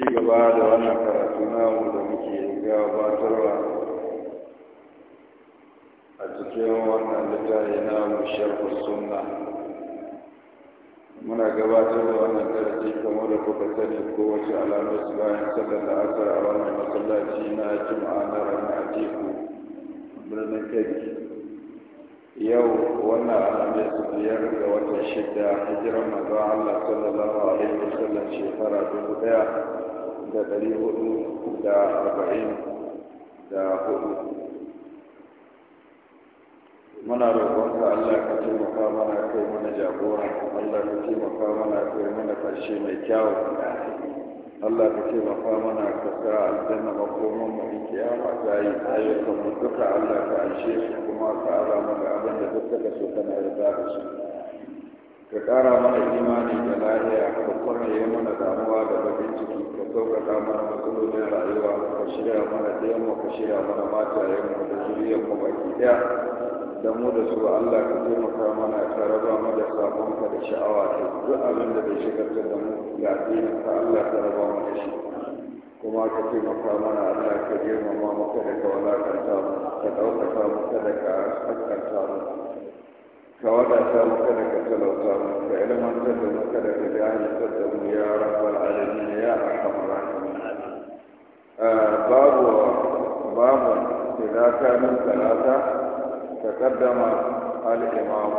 ci gaba da wannan karatu namu da muke gabatarwa a cikin wannan littafi namu sharhu sunna muna gabatar da wannan darasi kamar da kuka sani ko kowace su bayan sallar da asar a wannan masallaci na jima'a na ranar teku birnin kebbi yau wannan su biyar ga watan shida hijiran manzon allah sallallahu alaihi wasallam shekara dubu daya da ɗari hudu da arba'in da hudu muna roƙonka Allah ka taimaka mana kai mana jagora Allah ka taimaka mana kai mana ƙarshe mai kyawu Allah ka taimaka mana ka sa aljanna makoman mu kiyama ta yi ayyukan mu duka Allah ka anshe su kuma ka ara mana abin da duk ka so kana yarda da su ka ƙara mana imani da lahiya ka kwarne mana damuwa da bakin ciki sauƙaƙa mana matsalolin rayuwa ka shirya mana ɗayanmu ka shirya mana matayenmu da zuriyarmu baki ɗaya da mu da su Allah ka taimaka mana ka raba mu da sabonka da sha'awa ta duk abin da bai shigar da mu ya ka Allah ka raba mu da shi kuma ka taimaka mana Allah ka girmama maka da ka ka ɗaukaka maka da ka haskanta mu كوضع لك كتلوتا فإلى من تد لك كجاهل تد يا رب العالمين يا أرحم الراحمين آه، باب باب إذا كان ثلاثة تقدم الإمام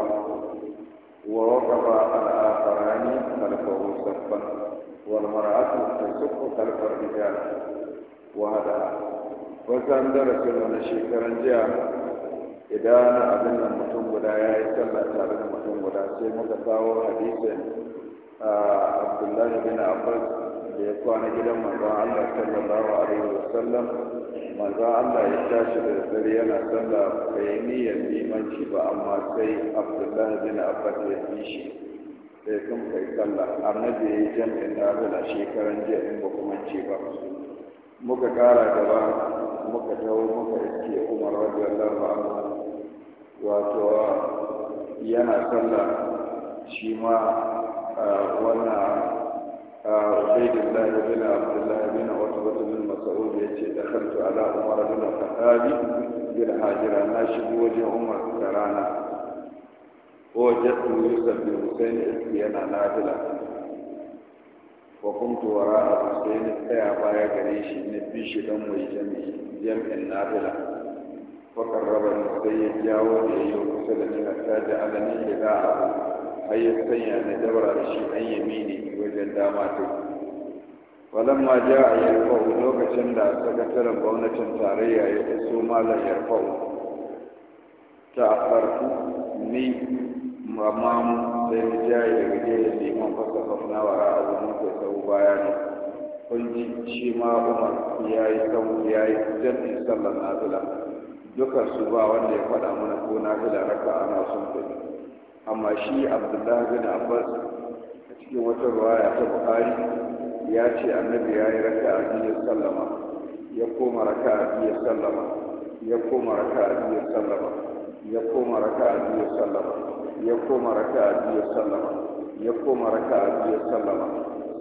ووقف الآخران خلفه صفا والمرأة تسق خلف الرجال وهذا وكان درس من الشيكرنجيا idan abin nan mutum guda ya yi sallah tare da mutum guda sai muka kawo hadisin abdullahi bin abbas da ya kwana gidan manzon allah sallallahu alaihi wasallam manzon allah ya tashi da dare yana sallah bai niyyar limanci ba amma sai abdullahi bin abbas ya yi shi sai sun kai sallah annabi ya yi jam'in nafila shekaran jiya in ba kuma ce ba muka kara gaba muka tawo muka iske umar radiyallahu anhu wato yana kalla shi ma wannan a zaidin lahibina abdullahibina wata wata zin masa'ud ya ce da kanto ala umar bin al-khattabi bil hajira na shigo wajen umar da rana ko jaddu yusuf bin husain yana nafila wa kuntu wara a husain tsaya baya gare shi ne bishi dan mai jami'in nafila fakarraba sai ya jawo da ya kusa da ni hatta da alamin da za a har ya sanya na dabara shi an yami ne wajen dama ta walamma ja a yarfa'u lokacin da a sakataren gwamnatin tarayya ya iso malam yarfa'u ta farku ni mamamu sai mu yayi daga jere liman fasa fafna wa ra'azu mun kai baya ne kun ji shi ma umar ya yi sau ya yi jami'in sallar nazila dukkan su ba wanda ya faɗa mana ko na gida raka ana sun kuɗi amma shi abdullahi bin abbas a cikin wata ruwaya ta bukari ya ce annabi ya yi raka a biyar sallama ya koma raka a biyar sallama ya koma raka a biyar sallama ya koma raka a biyar sallama ya koma raka a biyar sallama ya koma raka a biyar sallama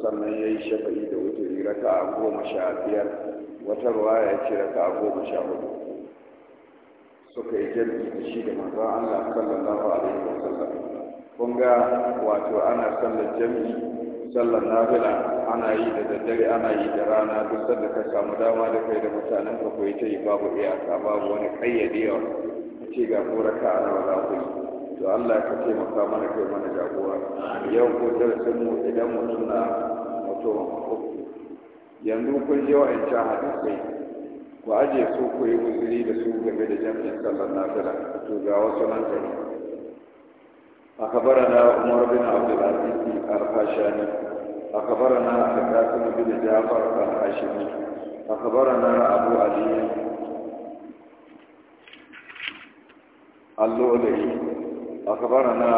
sannan ya yi shafa'i da wuturi raka a goma sha biyar wata ruwaya ya ce raka a goma sha hudu suka yi jirgi da shi da manzon Allah sallallahu alaihi wa sallam kun ga wato ana sallar Jami sallar nafila ana yi da daddare ana yi da rana duk sanda ka samu dama da kai da mutanen ka ko yi babu iyaka babu wani kayyadewa ce ga kura ka ana wa zafi to Allah ka taimaka mana kai mana jagora yau ko darasin mu idan mutum na mutum yanzu kun je wa'ancan hadisai ku ajiye su ku yi uzuri da su game da jami'in sallar nasara to ga wasu nan gari a kabara na umar bin abdulaziz al-fashani a kabara na al-qasim bin jafar al-hashimi a kabara na abu ali al-lu'lai a kabara na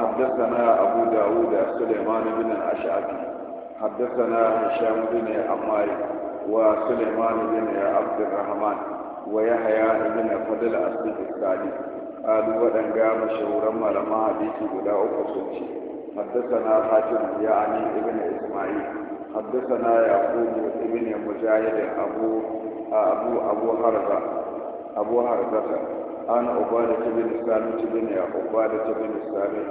haddasa na abu dawud da suleiman bin al-ash'abi haddasa na hisham bin al-amari وسليمان بن عبد الرحمن ويحيى بن فضل الثاني قالوا ودن قام شهورا ملما حديثي بلا أقصد حدثنا حاتم يعني ابن إسماعيل حدثنا يعقوب ابن مجاهد أبو أبو أبو هرزة أبو هرزة أنا عبادة بن سامت بن عبادة بن سامت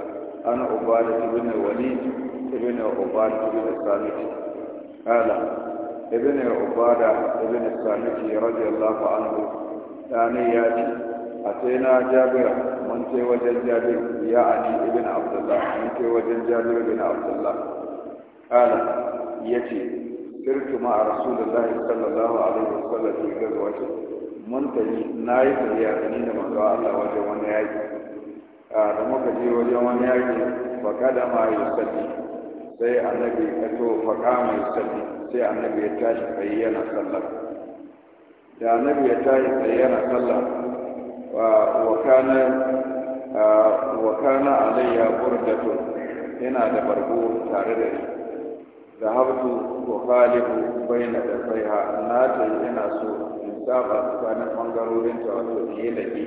أنا عبادة بن وليد بن عبادة بن سامت قال ibn ubada ibn saniki radiyallahu anhu dani ya ce a sai na jabir mun ce wajen jabir ya ani ibn abdullah mun ce wajen jabir ibn abdullah kala yace sirtu ma rasulullahi sallallahu alaihi wasallam ga gazwatin mun tafi na yi tafiya da ni da manzo Allah wajen wani yaki da muka je wajen wani yaki fa kada ma yusalli sai annabi ya to faƙa mai salli sai annabi ya tashi bayyana sallar sallah da annabi ya tashi bayyana sallar sallah wa kana wa kana alayya burdatu yana da bargo tare da shi da habtu wa khalifu bayna da saiha na ta yana so in saba tsakanin bangarorin ta wato ne da yi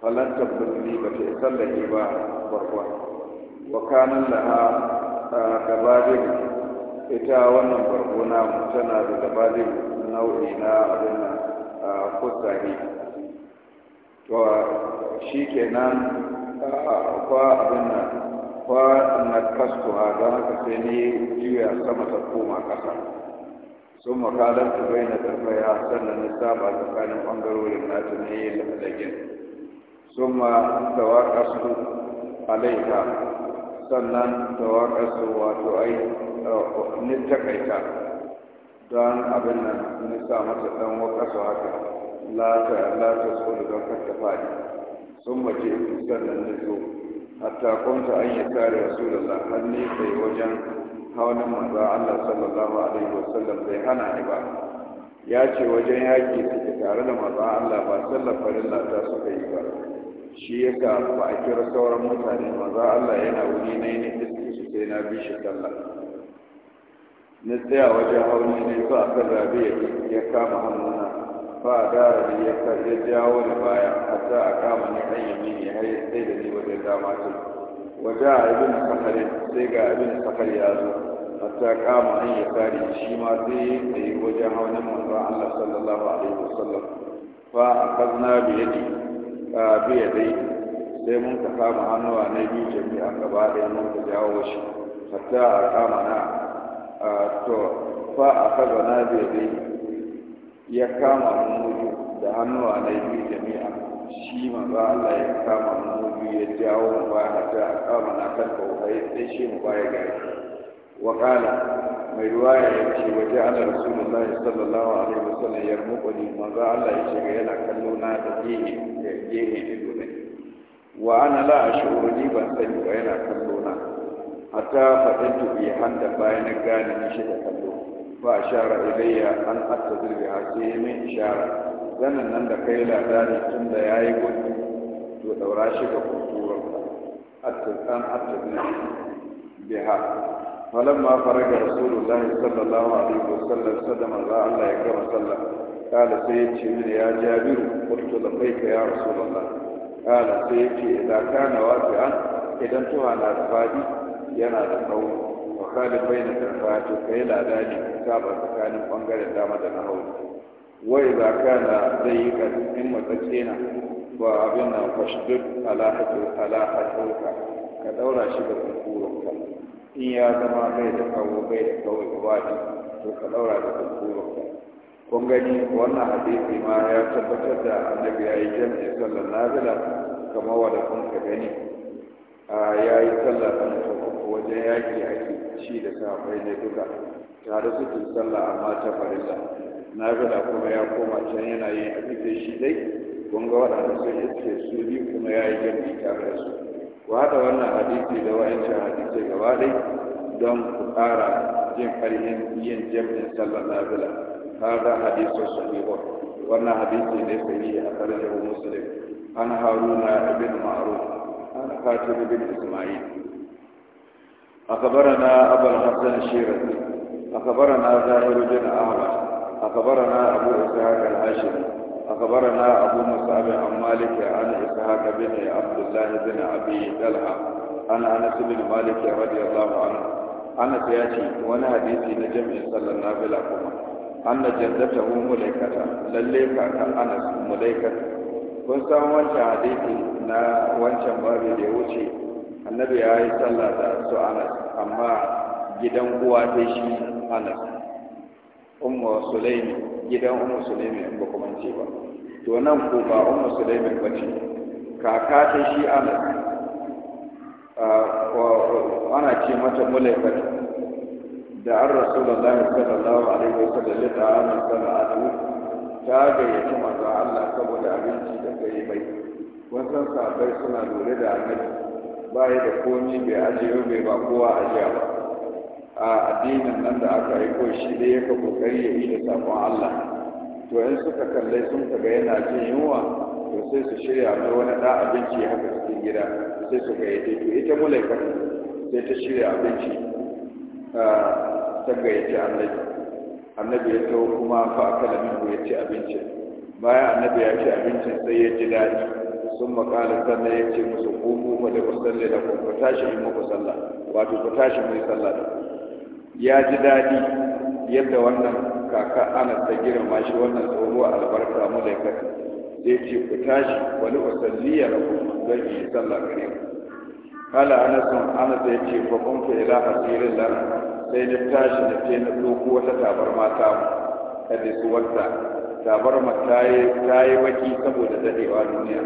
falanta burni ba ta sallake ba barkon wa kanan a gabajin ita wannan bargona tana da gabajin nau'i na abin a kusurari to shi ke nan kwa abin na kwa na a don haka sai ne juya sama ta koma ƙasa sun makalar ta bai na ya sannan na saba tsakanin ɓangarorin nata ne yin lafadagin sun ma da waƙa alaika sannan tawaƙasu wato ai eh, ni takaita don abin nan ni sa masa ɗan su haka la ta da ta tsoro don kar faɗi sun mace sannan ni zo hatta kunta an yi kare rasulullah har ne sai wajen haunin manzo Allah sallallahu alaihi wasallam bai hana ni ba ya ce wajen yaƙi suke tare da manzo Allah ba sallar farilla ta suka yi ba shi ya ka ba a kira sauran mutane maza Allah yana wuri na yi ne iske su sai na bi shi sallah na tsaya wajen hauni ne ba a kan rabi ya kama hannuna ba a dara da ya karye jawo da baya hatta a kama ni kan yamini har ya tsaye da ni wajen dama ce waje a ibin sakari sai ga abin sakari ya zo hatta kama an ya kare shi ma sai ya tsaye wajen haunin manzon Allah sallallahu alaihi wasallam fa a kazna biyadi biya dai sai mun ka kama hannuwa na biyu jami'a gaba ɗaya mun ka jawo shi hatta a kama na to fa a kaza na biya dai ya kama mu da hannuwa na biyu jami'a shi ma ba Allah ya kama mu biyu ya jawo mu ba hatta a kama na kan kawai sai shi mu baya gari wa kala mai ruwaya ya ce waje ana rasulullahi sallallahu alaihi wasallam ya muƙuli manzo Allah ya ce yana kallo na da gehe da gehe ido ne wa ana la ashuru ni ban sani ba yana kallo na hatta fadantu bi handa bayan na gane ni shi da kallo fa ashara ilayya an astazir bi hasi min ishara zanan nan da kai ladani tun da yayi gudu to daura shi ga kuturan astazan astazir biha falon ma fara ga rasulun lahi sallallahu alaihi wasallam sallam sadama za Allah ya gama sallam kala sai ya ce mini ya jabiru kwarto da kai ka ya rasulun lahi kala sai ya ce idan ka na wafi idan tuwa na da fadi yana da kawo wa kali bai na ka yi lada ne saba tsakanin bangaren dama da na Wai wa idan na zai yi karfin matsatsi na ba abin na kwashidin alaƙaƙa ka ɗaura shi da kuku in ya zama bai da abu bai da kawai ne to ka daura da kuma kun gani wannan hadisi ma ya tabbatar da annabi ya yi jami'i sallar nazila kamar wadda kun ka gani A ya yi sallar ɗan tabbata wajen yaƙi ake ci da safai ne duka tare ke sallah amma ta farisa nazila kuma ya koma can yana yin abin da shi dai kun ga waɗanda sun iske su biyu kuma ya yi jami'i tare da su ku haɗa wannan hadisi da wa'ancan hadisi gaba ɗai don ku ƙara jin ƙarfin yin jam'in sallar nafila hada hadisu sahihu wannan hadisi ne sahihi a karjahu muslim an haruna ibn ma'ruf an khatib ibn isma'il أخبرنا أبو الحسن الشيرازي أخبرنا زاهر بن أعمش أخبرنا أبو إسحاق الهاشمي أخبرنا أبو مصعب عن مالك عن إسحاق بن عبد الله بن أبي طلحة عن أنس بن مالك رضي الله عنه أنس سيأتي وأنا حديثي نجم صلى الله عليه وسلم أن جدته ملكة لليك أنس ملكة كنت san حديثي hadisi na wancan ليوتي النبي ya wuce annabi ya yi sallah da su anas amma gidan uwa gidan umar sulaimi in ba kuma ce ba to nan ko ba umar sulaimi ba ce kaka ta shi ana ana ce mata mulaikat da an rasulullahi sallallahu alaihi wasallam da ta'amin sana'atu ta gayyaci manzo Allah saboda abinci da kai bai wasan sabai suna lura da annabi ba ya da komi bai ajiye bai ba kowa ajiya ba a addinin nan da aka aiko shi dai yaka kokari ya yi da sakon Allah to in suka kalle sun ga yana jin yunwa to sai su shirya mai wani da abinci haka cikin gida sai su yadda to ita mulaika sai ta shirya abinci ta gayyace annabi annabi ya tawo kuma fa akala min ya ci abincin bayan annabi ya ci abincin sai ya ji daɗi sun makala sannan ya ce musu ko da kusan da kuma tashi in muku sallah wato ku tashi mu yi sallah da ya ji daɗi yadda wannan kaka ana ta girma shi wannan a albarka mulaikar zai ce ku tashi wani wasanni ya rabu don yi sallah gare ku kala anasun anas ya ce ba kun fa ila hasirin lana sai na tashi na ce na ɗauko wata tabarma ta kada su wata tabarma ta yi baki saboda daɗewa duniya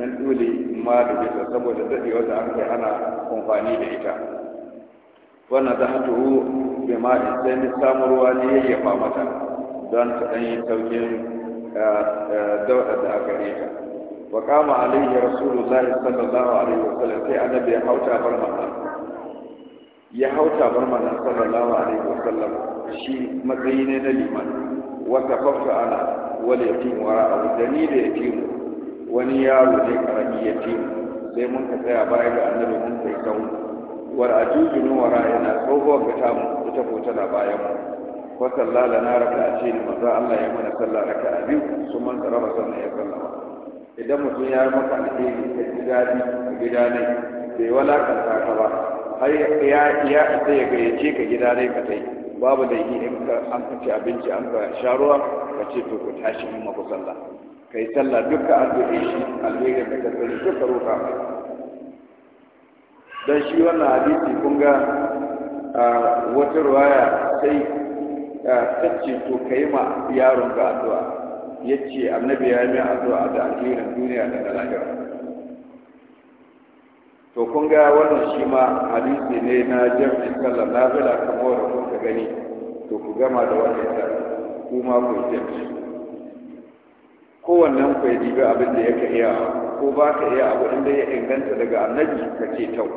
nan dole ma da bisa saboda daɗewa da kai ana amfani da ita wannan da hatu bi ma'in sai ni samarwa ne ya yayyafa mata don ta ɗan yi saukin eh, eh, dauɗa da aka yi ta wa kama alaihi rasulullahi sallallahu alaihi wasallam sai annabi ya hauta bar mata ya hau tabar manzon sallallahu alaihi wasallam shi matsayi ne na liman wata fafta ana wal yatim wara abu da ni da yatim wani yaro ne karami yatim sai mun ka tsaya baya ga annabi mun kai kawo war ajuju nu wara yana tsohuwar ga tamu ku tafi tana bayan mu wa sallala na raka a ce ni manzo Allah ya mana sallah raka a biyu sun man karaba sannan ya sallama idan mutum ya yi maka alheri ka ji daɗi a gida ne bai walakanta ka ba har ya ya sai ya gayyace ka gida ne ka tai babu da yi in ka an ci abinci an ka sha ruwa ka ce to ku tashi in maku sallah kai sallah duka an dole shi alherin da ka sani duka roƙa mai don shi wannan hadisi kun ga wata ruwaya sai ta ce to ka yi ma yaron ga addu'a ya ce annabi ya yi addu'a da alherin duniya da na lahira to kun ga wannan shi ma hadisi ne na jami'in sallar bila kamar da kun ka gani to ku gama da wannan ta ma ku yi jami'in kowannen ku ya dibi abin da ya ka iya ko ba ka iya abu inda ya inganta daga annabi ka ce tau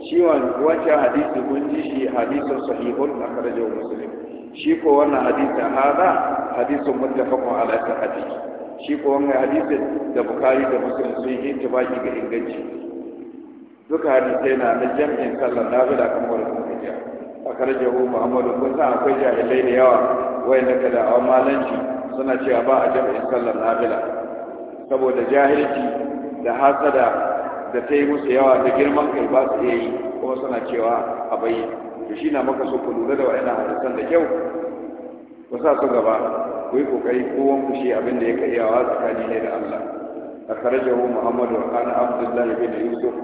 ciwon wancan hadisi mun ji shi hadisun sahihun akhrajahu Musulmi. shi ko wannan hadisun hada hadisin muttafaqun ala sahihi shi ko wannan hadisun da bukari da muslim sun yi baki ga inganci duka hadisai na na jami'in sallar zuwa kan wani kuma jiya hu muhammadu kun san akwai jahilai da yawa wayanda kada a malanci suna cewa ba a jami'in sallar nafila saboda jahilci da hasada da ta yi musu yawa da girman kai ba su iya yi kuma suna cewa a bayi to shi na maka so ku lura da wa'annan hadisan da kyau ku sa su gaba ku yi kokari kowan ku shi abin da ya karyawa tsakani ne da Allah a akhrajahu muhammadu an abdullah ibn yusuf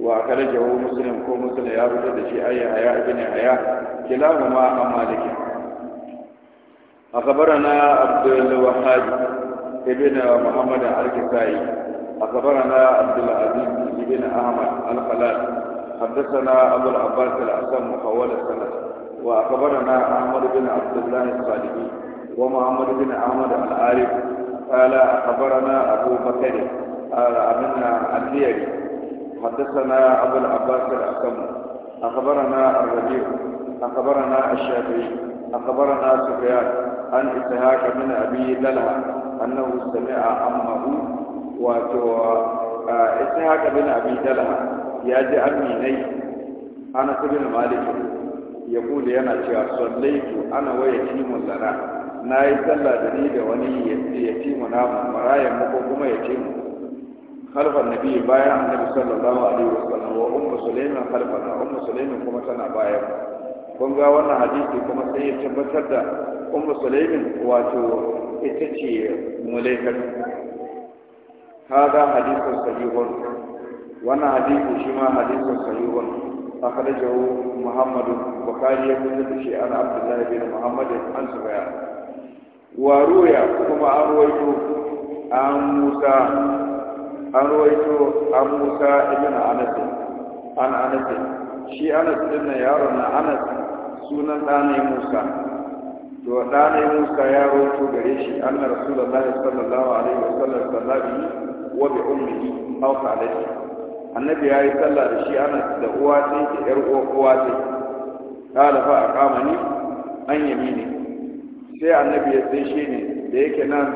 wa akhrajahu muslim ko muslim ya fitar da shi ayya haya ibn haya kilahuma an maliki أخبرنا عبد الوهاب ابن محمد الكسائي أخبرنا عبد العزيز بن أحمد الخلال حدثنا أبو العباس الأسم حول السند وأخبرنا أحمد بن عبد الله الصالحي ومحمد بن أحمد العارف قال أخبرنا أبو بكر أمنا الليلي حدثنا أبو العباس الأسم أخبرنا الربيع أخبرنا الشافعي أخبرنا سفيان عن إسحاق بن أبي للها أنه سمع عمه وتوى ita haka bin abin talha ya ji aminai ana sabin malikin ya bude yana cewa sallaitu ana waya timun lana na yi sallah da ni da wani ya timu na marayan mu ko kuma ya timu khalfan biyu bayan an annabi sallallahu alaihi sallam wa ummu sulaiman khalfan umma sulaiman kuma tana bayan kun ga wannan hadisi kuma sai ya tabbatar da umma sulaiman wato ita ce mulaikatu Wannan Hadizu shima Hadizu Sayyu ban ta karya muhammadun wakilai guda da ta shiga ana abin da na biyu da muhammadun hansimaya. Wa ruwa kuma an wai do an Musa in na anafe. Shi ana tsirirna yaron na sunan ɗanai Musa. to ɗanai musa ya roto gare shi anna rasulullahi sallallahu alaihi wasallam sallabi wa bi ummihi aw khalati annabi ya yi sallah da shi ana da uwa sai da yar uwa uwa sai kala fa aqamani an yamini sai annabi ya sai shi ne da yake nan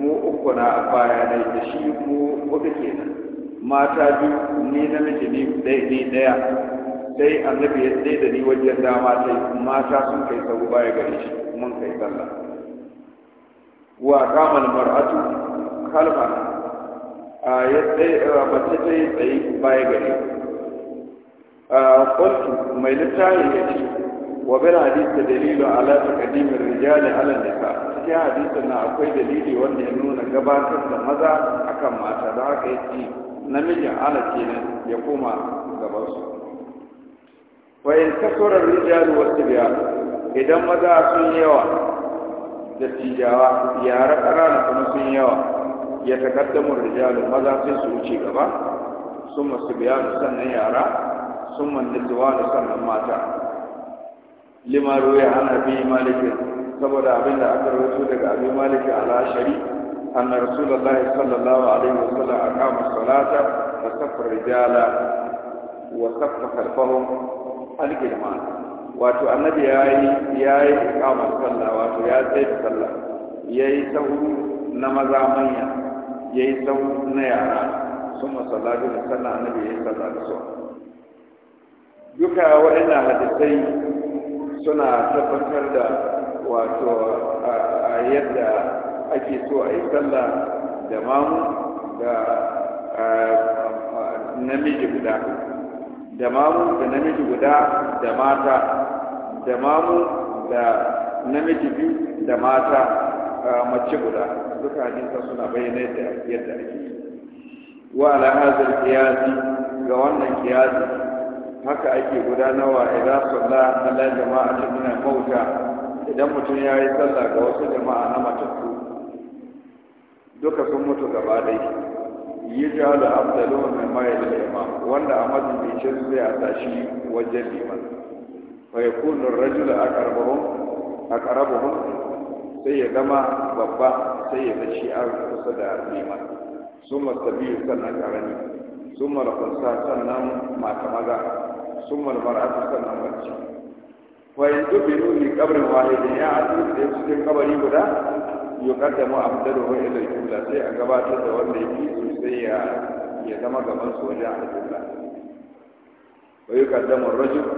mu uku na a baya ne da shi mu uku kenan mata biyu ni namiji ni dai ni daya sai annabi ya sai da ni wajen dama sai mata sun kai sabu baya gare shi kuma kai sallah wa kamal mar'atu khalfa a mace ta yi tsaye baya gare qultu mai littafi ya ce wa bil hadith dalilu ala taqdim rijal ala nisa cikin hadisin na akwai dalili wanda ya nuna gabatar da maza akan mata da haka yace namijin ala kenan ya koma gaban وإن كثر الرجال والتبيان إذا مدى سنيوة لتجاوة يا رب أرانا كما سنيوة يتقدم الرجال مدى سنسوشي كما ثم السبيان سنة يا رب ثم النزوان سنة ماتا لما روي عن أبي مالك سبب أبي لأك الرسول أبي مالك على شريك أن رسول الله صلى الله عليه وسلم أقام الصلاة فصف الرجال وصف خلفهم algirma wato annabi ya yi ya yi kama sallah wato ya tsaye da sallah ya yi sahu na maza manya ya yi sahu na yara sun masalla da sallah annabi ya yi sallah da su duka waɗannan hadisai suna tabbatar da wato a yadda ake so a yi sallah da mamu da namiji guda da mamu da namiji guda da mata da mamu da namiji biyu da mata mace guda duka hadisa suna bayyana yadda ake wa ala hazal qiyasi ga wannan qiyasi haka ake gudanarwa idan sallah ala jama'a ta min mauta idan mutum ya yi sallah ga wasu jama'a na matattu duka sun mutu gaba dai yi da da abdalon mai mayar liman wanda a mazubincin zai a tashi wajen liman fa ya kunin rajula a karabahun sai ya zama babba sai ya tashi a kusa da liman sun mastabi sannan karani sun malakunsa sannan mata maza sun su sannan mace fa yanzu bi nuni kabrin wahidin ya a cikin kabari guda yuqaddamu abdaluhu ila al-qibla sai a gabatar da wanda yake so sai ya ya zama gaban su wajen al-qibla wa yuqaddamu ar-rajul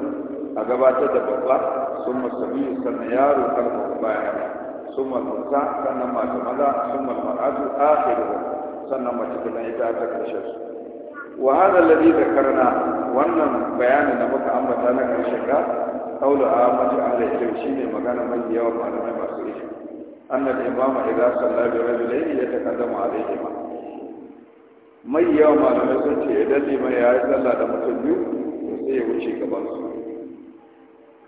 a gabatar da babba summa sabiyu sannan yaro kalma bayan summa musa sannan masu maza summa mar'atu akhiru sannan mace kuma ita ta karshe su wa hada alladhi dhakarna wannan bayanin da muka ambata na karshe ka qawlu a ahli shi shine magana mai yawa malamai masu annal imama idan salla bi rajulaini ya takaddamu alaihima mai yawan malamai sun ce idan liman ya yi sallah da mutum biyu to sai ya wuce gaban su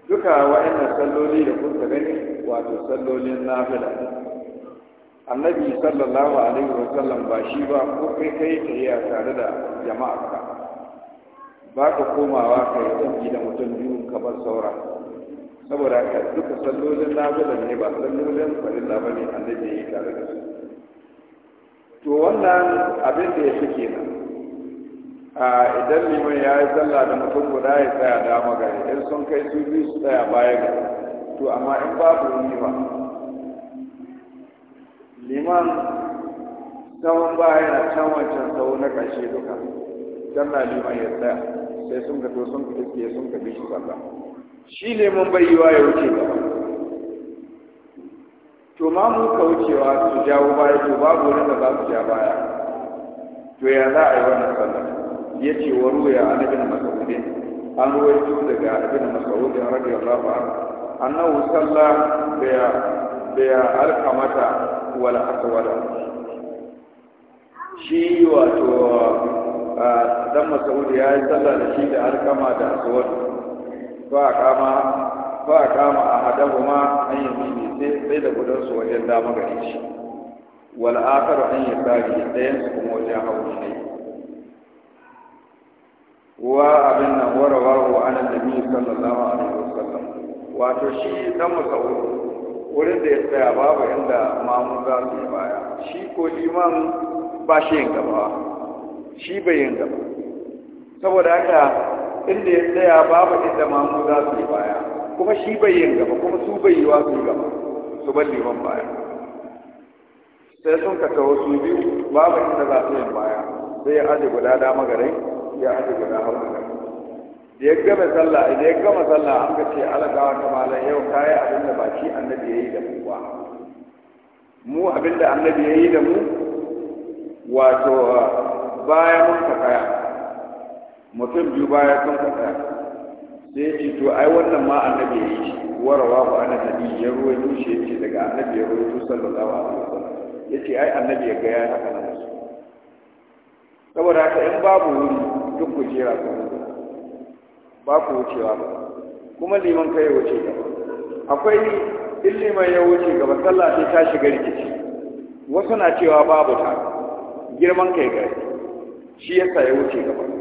duka wa'annan da kun gani wato sallolin nafila annabi sallallahu alaihi wa sallam ba shi ba ko kai kai tahiya tare da jama'a ba ka komawa kai tafi da mutum biyu ka bar saura saboda haka duka sallolin nafilan ne ba sallolin farilla ba ne annabi ya yi tare da su to wannan abin da ya fi kenan a idan liman ya yi zalla da mutum guda ya tsaya dama gari in sun kai su biyu su tsaya baya gari to amma in babu ba liman tsawon baya na can wancan tsawo na ƙarshe duka can liman ya tsaya sai sun ka to sun ka iske sun ka bi shi sallah shi ne neman wa ya wuce ba. to ma mu ka wucewa su jawo baya to babu wani da za su ja baya to ya za a yi wannan sallah ya ce wa ruya an ibn mas'ud an ruwaito daga ibn a radiyallahu anhu annahu salla bi alqamata wal aswad shi wato dan mas'ud ya yi sallah da shi da alqama da aswad a kama a kama kuma an yi mini sai da gudan su wajen dama gari shi wal akhar an tsari ɗayan su kuma wajen hagu ne wa abin nan wa wawo an annabi sallallahu alaihi wasallam wato shi dan musawu wurin da ya tsaya babu inda mamu za su yi baya shi ko liman ba shi yin gaba shi bai yin gaba saboda haka inda ya tsaya babu inda mamu za su yi baya kuma shi bai yin gaba kuma su bai yi wa su yi gaba su bar liman baya sai sun ka taho su biyu babu inda za su yin baya sai ya aje guda dama gare ya aje guda hagu gare da ya gama sallah idan ya gama sallah an ka ce alagawa ta malam yau kayi abin da baki annabi ya yi da mu ba mu abin da annabi ya yi da mu wato baya mun ka kaya mutum biyu baya kan kaɗa sai ya ce to ai wannan ma annabi ya yi shi warawa ba ana nabi ya ruwa yi ya ce daga annabi ya ruwa tushen da zawa a wasu ya ce ai annabi ya gaya na kanan su saboda haka in babu wuri duk ku jera su ba ku wucewa ba kuma liman kai wuce gaba akwai in liman ya wuce gaba sallah sai ta shiga rikici wasu na cewa babu ta girman kai gari shi yasa ya wuce gaba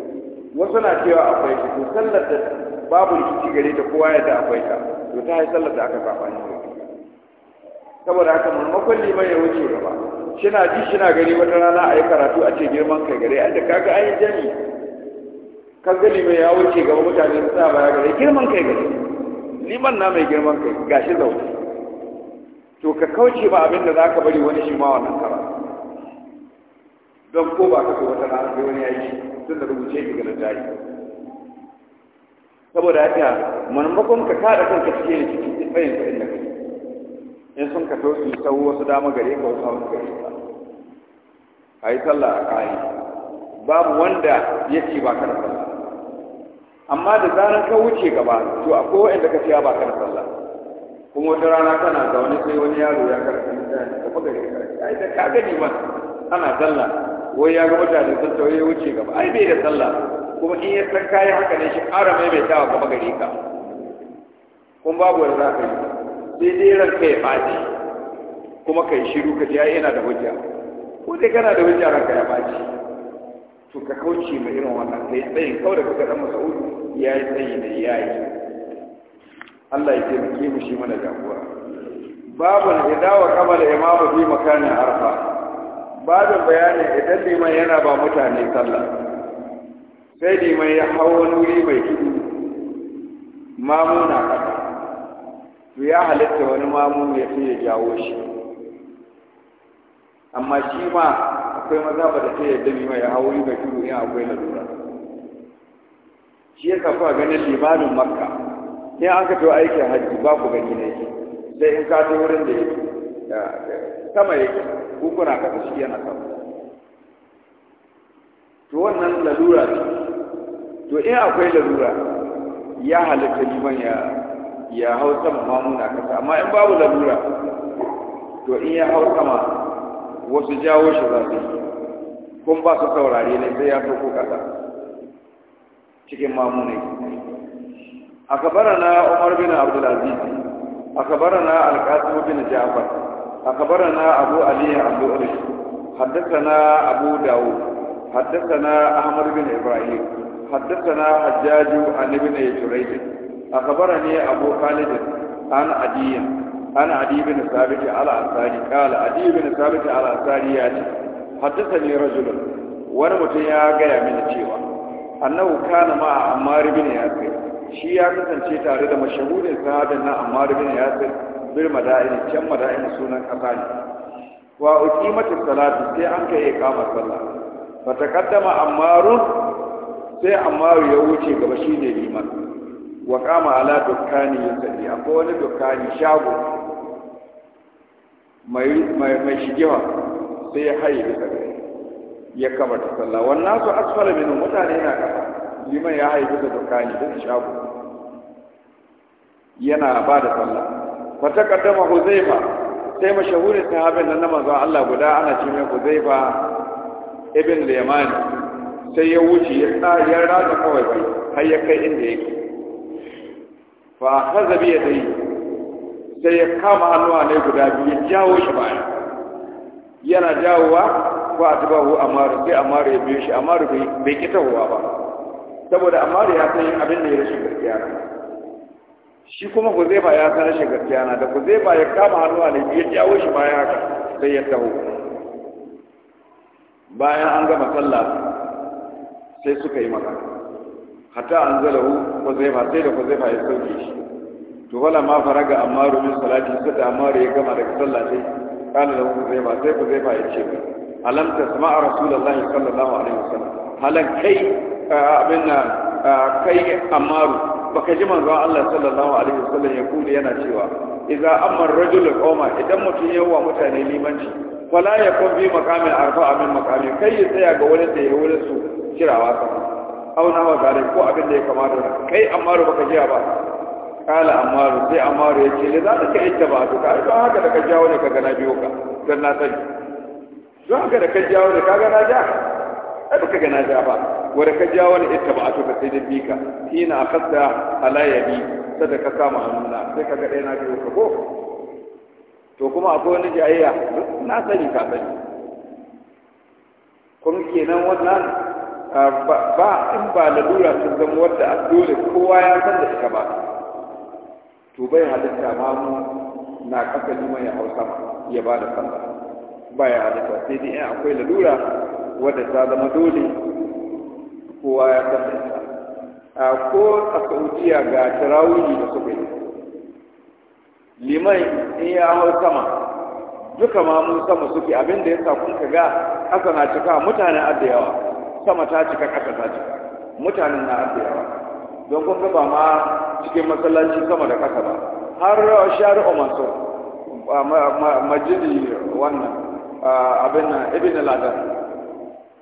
wasu na cewa akwai shi to sallar da babu rikici gare ta kowa yadda akwai ta to ta yi sallar da aka saba ne saboda haka maimakon liman ya wuce gaba shina ji shina gari wata rana a yi karatu a ce girman kai gare ai da kaga an yi jami kan ga liman ya wuce gaba mutane su sa baya gare girman kai gare liman na mai girman kai gashi zaune to ka kauce ba abin da ka bari wani shi ma wannan ka don ko ba ka wata rana da wani yaki tun da rubuce ki ga littafi saboda haka maimakon ka kada kanka cikin cikin tsayin kuɗin da kai in sun ka tausi sau wasu dama gare ka wasu hawa gare ka a yi sallah a kayi babu wanda ya ce ba ka da sallah amma da zaran ka wuce gaba to akwai wa'anda ka ce ba ka da sallah kuma wata rana kana zaune sai wani yaro ya karfi da kuma gare ka ai da ka gani ba ana sallah wai ya ga mutane sun tawaye ya wuce gaba ai bai da sallah kuma in ya san kayan haka ne shi ƙara maimaitawa gaba gare ka kun babu wani za ka yi sai dai ran ya faɗi kuma ka yi shiru ka ya ai yana da hujja ko dai kana da hujja ranka ya faɗi to ka kauce mai irin wannan kai in kawai da kuka dan Mas'ud ya yi tsayi da ya yi Allah ya taimake mu shi mana jagora babul dawo kamar imamu bi makanin arfa da bayanin idan liman yana ba mutane sallah sai liman ya hau wani wuri mai tudu mamu na to ya halitta wani mamu ya ce ya jawo shi amma shi ma akwai maza ba da ta yadda liman ya hau wuri mai tudu in akwai lalura shi ya kafa ganin limanin makka in an ka to aikin hajji ba ku gani ne sai in ka ta wurin da ya sama yake ku kuna kasa shi yana sama to wannan lalura ce to in akwai lalura ya halitta liman ya ya hau sama mamuna kasa amma in babu lalura to in ya hau sama wasu jawo shi za su kun ba su saurare ne sai ya soko kasa cikin kabara na umar bin abdulaziz na alkasim bin jafar أخبرنا أبو علي الدؤري حدثنا أبو داود حدثنا أحمد بن إبراهيم حدثنا حجاج عن ابن جريج أخبرني أبو خالد عن عدي عن عدي بن ثابت على أنصاري قال عدي بن ثابت على أنصاري ياتي حدثني رجل ورمتي يا غير من الشيوى أنه كان مع عمار بن ياسر shi ya kasance tare da mashahurin sahabin na Ammar bin Yasir bir mada'in can mada'in sunan ƙasa ne wa uqimatu salatu sai an kai iqama sallah fa taqaddama ammaru sai ammaru ya wuce gaba shine liman wa qama ala dukkani yusalli akwai wani dukkani shago mai mai mai shigewa sai ya haye da kai ya kama ta sallah wannan su asfala min mutane na kasa liman ya haye da dukkani da shago yana ba da sallah wata kaddama huzaifa sai mashahurin sahabin nan na manzon Allah guda ana ce mai huzaifa ibn limani sai ya wuce ya tsaya ya rada kawai bai har ya kai inda yake fa akhadha bi yadayhi sai ya kama hannuwa ne guda biyu ya jawo shi baya yana jawowa ko atbahu amaru sai amaru ya biyo shi amaru bai kitawa ba saboda amaru ya san abin da ya rashin gaskiya shi kuma Huzaifa ya san rashin gaskiya na da ba ya kama hannu a ne ya jawo shi bayan haka sai ya taho bayan an gama sallah sai suka yi maka, hatta an zalahu ba sai da Huzaifa ya sauke shi to wala ma faraga amma rumin salati sai da amma ya gama daga sallah sai kana da ba sai Huzaifa ya ce alam tasma'a rasulullahi sallallahu alaihi wasallam halan kai abinna kai amaru baka ji manzon Allah sallallahu alaihi wasallam ya kula yana cewa idza amma rajul qoma idan mutun wa mutane limanci wala yakun bi maqamin arfa'a min maqami kai ya tsaya ga wani da ya wuri su kirawa ka auna wa gare ko abin da ya kamata kai amma baka jiya ba kala ru sai ru ya ce za ka kai ta ba to ka ai haka da ka jawo ne ka gana biyo ka dan na sani don haka da ka jawo ne ka gana ja ai baka ga na ja ba wanda ka ja wani ita ba a to ka sai da bika hina akhadha ala yadi sada ka kama hannuna sai ka ga dai na biyo ka ko to kuma akwai wani jayayya na sani ka sani kun kenan wannan ba in ba lalura sun zama wadda a dole kowa ya san da ita ba to bai halitta ma mu na kasa liman ya hausa ya ba da sallah ba ya halitta sai dai in akwai lalura wadda ta zama dole kowa ya san a ko a saudiya ga tarawihi da suka yi liman in ya hau sama duka ma mun sama suke abinda ya sa kun ga ƙasa na cika mutanen adda yawa sama ta cika ƙasa ta cika mutanen na adda yawa don kun ba ma cikin masallaci sama da ƙasa ba har shari'a masu majini wannan abin na ibn ladan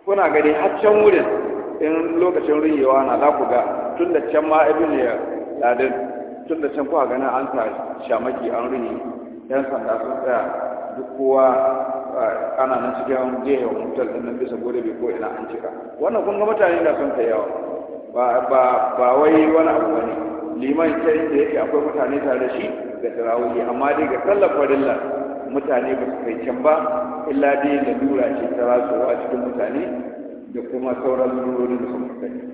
kuna gani har can wurin in lokacin riyewa na za ku ga tun da can ma ibn ya ladin tun da can kuwa gani an ta shamaki an rini yan sanda sun tsaya duk kowa ana nan cikin jihar mutal da nan bisa gode bai ko'ina an cika wannan kun ga mutane da sun ta yawa ba wai wani abu ba ne liman ta da yake akwai mutane tare da shi da tarawih amma dai ga tallafa farilla mutane ba su kai can ba illa dai da lura ce ta rasu a cikin mutane da kuma sauran lurori da kai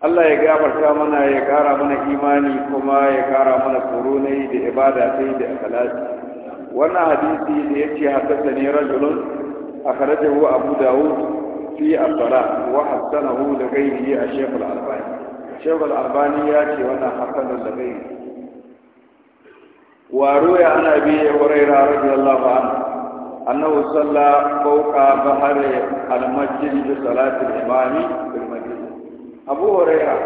Allah ya gafarta mana ya kara mana imani kuma ya kara mana tsoro da ibada sai da akhlasi wannan hadisi da yace haddasa ne rajulun akhrajahu abu dawud fi as-salah wa hasanahu da ghayrihi ash-shaykh al-albani shaykh al-albani ya ce wannan hasanun da ghayrihi وروي عن أبي هريرة رضي الله عنه أنه صلى فوق بحر المسجد بصلاة الإمام في المسجد أبو هريرة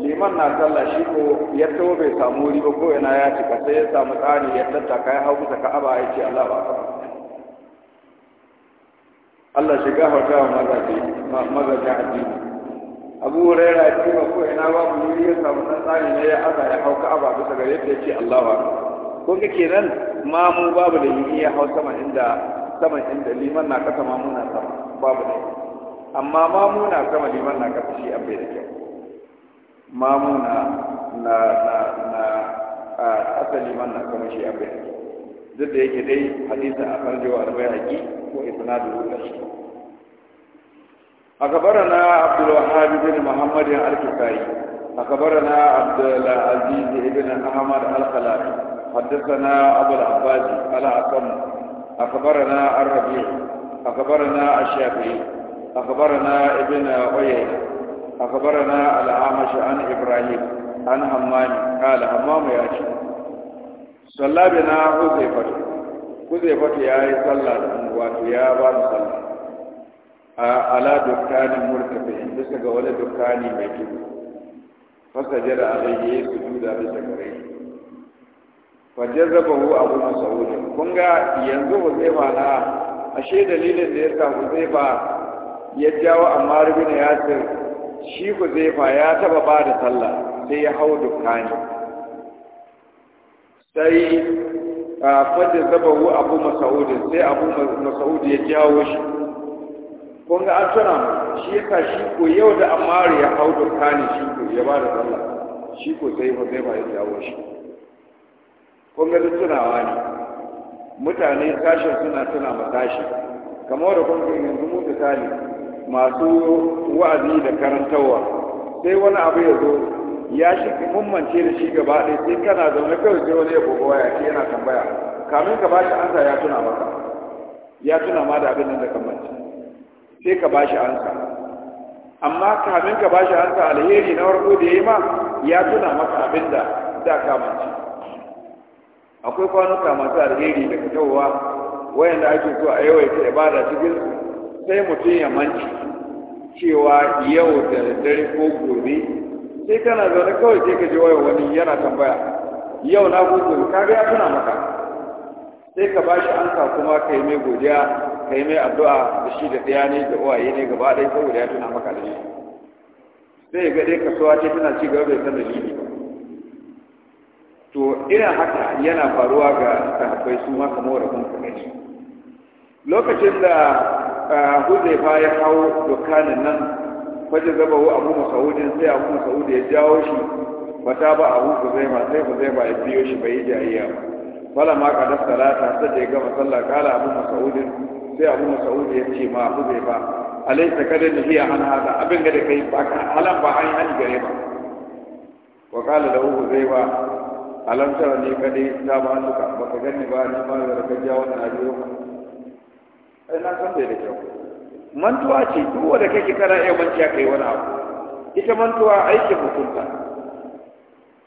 liman na sallah shi ko ya tawo bai samu wuri ba ko yana ya cika sai ya samu tsari ya tatta kai hau ka aba ya ce Allah ba Allah shiga hauta wa mazaje addini Abu Hurairah ya ce ko ina babu wuri ya samu tsari ne ya aza ya hau aba bisa ga yadda ya ce Allah ba ko ga kenan ma mu babu da yi ya hau sama inda sama inda liman na kasa ma muna sama babu da amma ma na sama liman na kasa shi an bai da kyau ma muna na na na a kasa liman na sama shi an bai da kyau duk da yake dai hadisin a farjewa albayaki ko isna da shi أخبرنا عبد bin muhammad al-kisai أخبرنا عبد العزيز بن أحمد الخلال حدثنا أبو العباس العصم أخبرنا الربيع أخبرنا الشافعي أخبرنا ابن عيينة أخبرنا الأعمش عن إبراهيم عن همام قال همام يا شيخ صلى بنا حذيفة حذيفة يا صلى wato ya ba mu sallah ala dukkanin murtafi bisa ga wani dukkani mai tudu فسجد عليه سجود لشكرين فجذبه أبو مسعود كونغا ينزو حذيفة لا ashe dalilin da ya sa Huzaifa ya jawo Ammar ibn Yasir shi Huzaifa ya taba ba da sallah sai ya hau dukani sai fadda zabahu Abu Mas'ud sai Abu ya jawo shi kun ga an tuna shi ka shi ko yau da amari ya hau doka ne shi ko ya ba da sallah shi ko sai ba sai ba ya jawo shi kun ga duk tunawa ne mutane tashin suna tuna ma tashi kamar da kun ga yanzu mu misali masu wa'azi da karantarwa sai wani abu ya zo ya shi mummance da shi gaba ɗaya sai kana zaune kawai sai wani ya gogo waya ce yana tambaya kamin ka bashi ansa ya tuna maka ya tuna ma da abin nan da kamar sai ka bashi ansa amma kamin ka bashi ansa alheri na farko da yayi ma ya tuna maka abin da da ka mace akwai kwanuka masu alheri da fitowa wayanda ake so a yawaita ibada cikin sai mutum ya manci cewa yau da dare ko gobe sai kana zaune kawai sai ka ji wayar wani yana tambaya yau na gobe ka ga ya tuna maka sai ka ba shi ansa kuma ka yi mai godiya ka yi mai addu'a da shi da ɗaya ne da uwaye ne gaba ɗaya saboda ya tuna maka da shi sai ga dai kasuwa ce tana ci gaba da san da ba to ina haka yana faruwa ga sahabbai su ma kamar da kun gani lokacin da huzaifa ya kawo dukkanin nan fajar zaba wa abu masaudin sai abu masaudin ya jawo shi bata ba abu huzaifa sai huzaifa ya biyo shi bai yi jayayya ba Bala ma kadar salata sai da ya gama sallah kala abu masaudin sai abu mas'ud ya ce ma abu zai ba alaysa kada ni hiya an hada abin da kai ba ka halan ba an yi hani gare ba wa da lahu zai ba alam tara ni kadai da ba su ka ba ka gani ba ni ma da ka ja wannan abu ai na san bai da kyau mantuwa ce duk wanda kake kana iya manciya kai wani abu ita mantuwa aikin mutunta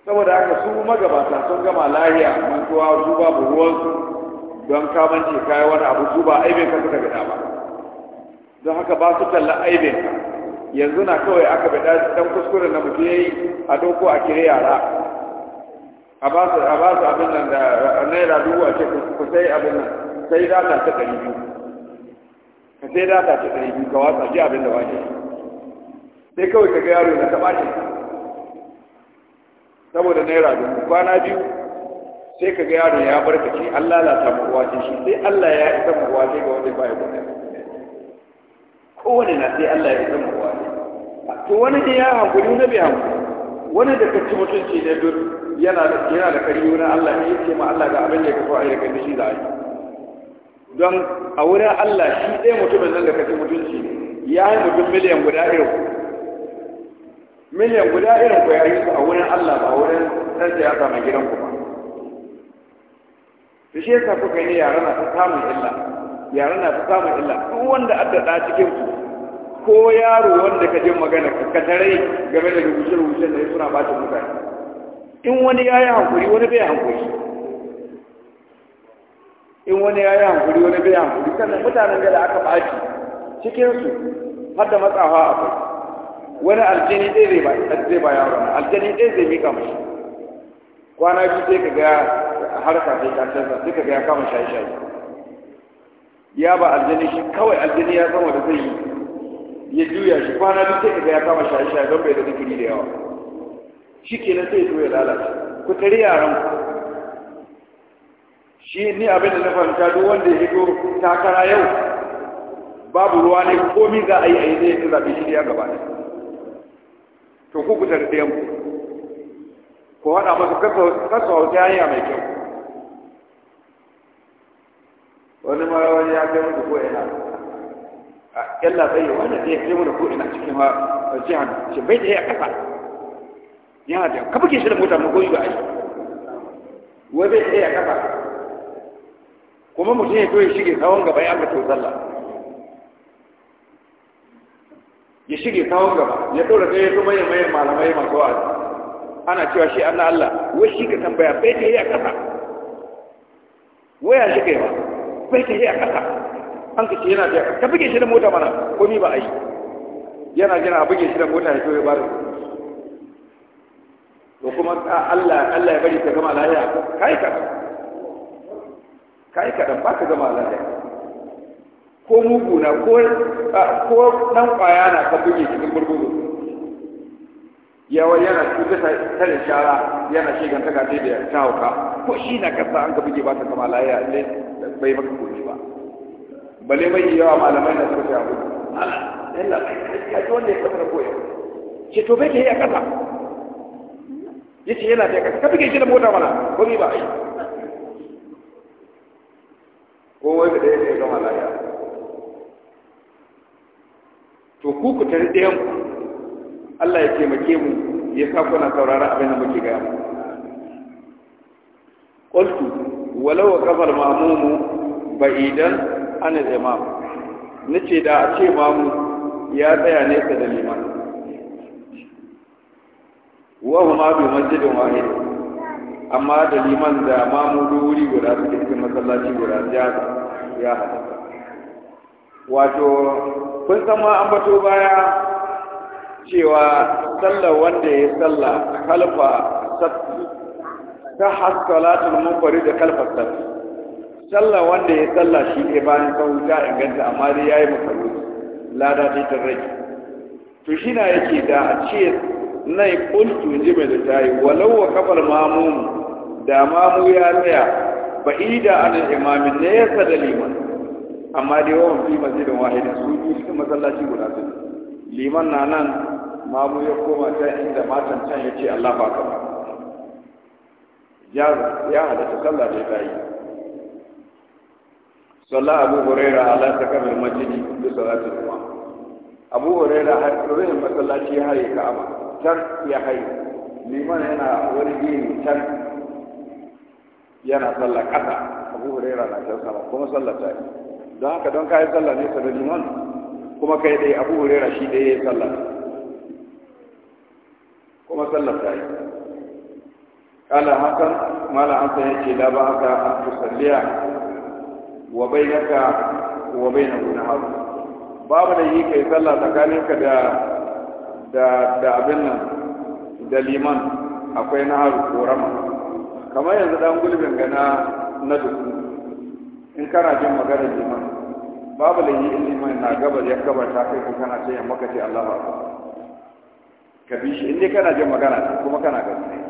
saboda haka su magabata sun gama lahiya mantuwa su babu ruwansu don kamance kayan wani abu su ba aibin ka suka gada ba don haka ba su talla aibin yanzu na kawai aka bada dan kuskuren na mutum yayi a doko a kire yara a ba su a ba su abin nan da naira dubu a ce ku sai abin nan sai data ta ɗari biyu ka sai data ta ɗari biyu ka watsa ji abin da ke. sai kawai ka ga yaro na taɓa saboda naira dubu kwana biyu sai ka ga yaro ya la an lalata wace shi sai Allah ya isa mawace ga wani ba ya ko wani na sai Allah ya isa wace to wani ne ya hankuri na bi hankuri wani da kace mutunci ne duk yana da yana da kari wurin Allah ne yake ma Allah ga abin da ya kafa a yaka shi da ai don a wurin Allah shi ɗaya mutumin nan da kace mutunci ne. ya yi mutum miliyan guda irin miliyan guda irin ku ya yi su a wurin Allah ba wurin ɗan ya mai gidan ku ba da shi yasa kuka yi yara na ta samun illa yara na ta samun illa duk wanda aka da cikin ku ko yaro wanda ka je magana ka katare game da rubuce rubuce da suna ta mutane in wani yayi hankuri wani bai hankuri in wani yayi hankuri wani bai hankuri sannan mutanen da aka baci cikin su har da matsawa akwai wani aljini ɗaya zai ba yaro aljini ɗaya zai mika mashi kwana biyu sai ka ga harka sai ka canza sai ka ga ya kama shaye-shaye ya ba aljini shi kawai aljini ya zama da zai yi ya juya shi kwana duk sai ka ga ya kama shaye-shaye don bai da zikiri da yawa shi kenan sai ya lalata. ku tare yaran ku shi ni abin da na fahimta duk wanda ya hito takara yau babu ruwa ne komi za a yi a yi zai zaɓe shi da ya gaba ɗaya to ku ku tare da yanku ko haɗa masa kasa wata hanya mai kyau wani ma wani ya kai mutu ko ina yalla bai wani da ya kai mutu ko ina cikin jihar shi bai da ya kafa ya da ka buge shi da mota mu goyi ga ai wai bai da ya kafa kuma mutum ya koyi shige kawon gaba ya ga sallah ya shige kawon gaba ya dora sai ya kuma ya mai malamai masu wa'azi ana cewa shi Allah Allah wai shi ka tambaya bai da ya kafa waya shi kai ba bai ta a ƙasa an ka ce yana da ka buge shi da mota mana komi ba a yi yana jira a buge shi da mota ya ce ya ba da to kuma Allah Allah ya bari ka gama lafiya kai ka kai ka dan ba ka gama lafiya ko muguna ko ko nan kwaya na ka buge da gurgudu yawa yana ta tare shara yana shigan ta dai da hauka, ko shi na kasa an ka buge ba ka gama lafiya bai maka koyi ba bale mai yawa malamai na suka shafu ala yalla ya ji wanda ya fasara koya ce to bai kai yi a yace yana da ƙasa ka buge shi da mota mana ko ba ai ko wai da yake ga gama lafiya to ku ku tare da ku Allah ya taimake mu ya sa kuna saurara abin da muke ga mu qultu walau kafar mamumu ba'idan an zama nace da a ce mamu ya tsaya nesa da liman wa huma bi masjidin wahid amma da liman da mamu wuri guda suke cikin masallaci guda ya ya hada wato kun san ma an bato baya cewa sallar wanda ya salla kalfa Ta sahhat da munfarid kalfasar salla wanda ya salla shi ne bayan sahu ta inganta amma dai yayi mufarrid lada ta tarraki to shi na yake da a ce nai kuntu ji mai da yi. walau wa kafal mamun da mamu ya tsaya ba'ida anil imamin ne ya sada liman amma dai wawan fi da wahida su yi cikin masallaci guda ta liman na nan mamu ya koma ta inda matan can ya ce Allah ba ka ba ya halatta sallah da ta yi sallah abu huraira ala ta kamar majini da salatu kuma abu huraira har ruhin masallaci ya kama, ka'aba tar ya haye liman yana wani gini tar yana sallah kasa abu huraira na can sama kuma sallah ta yi don haka don kayi sallah ne sanar liman kuma kai dai abu huraira shi dai ya yi sallah kuma sallah ta yi kala hakan mala hasan yace da ba haka an tusalliya wa bainaka wa bainahu nahar babu da yi kai sallah tsakaninka da abin da liman akwai nahar korama kamar yanzu dan gulbin gana na duku in kana jin magana liman babu da yi liman na gabas ya gabata kai ko kana ce yamma ka ce Allahu akbar ka bi shi in dai kana jin magana kuma kana gaskiya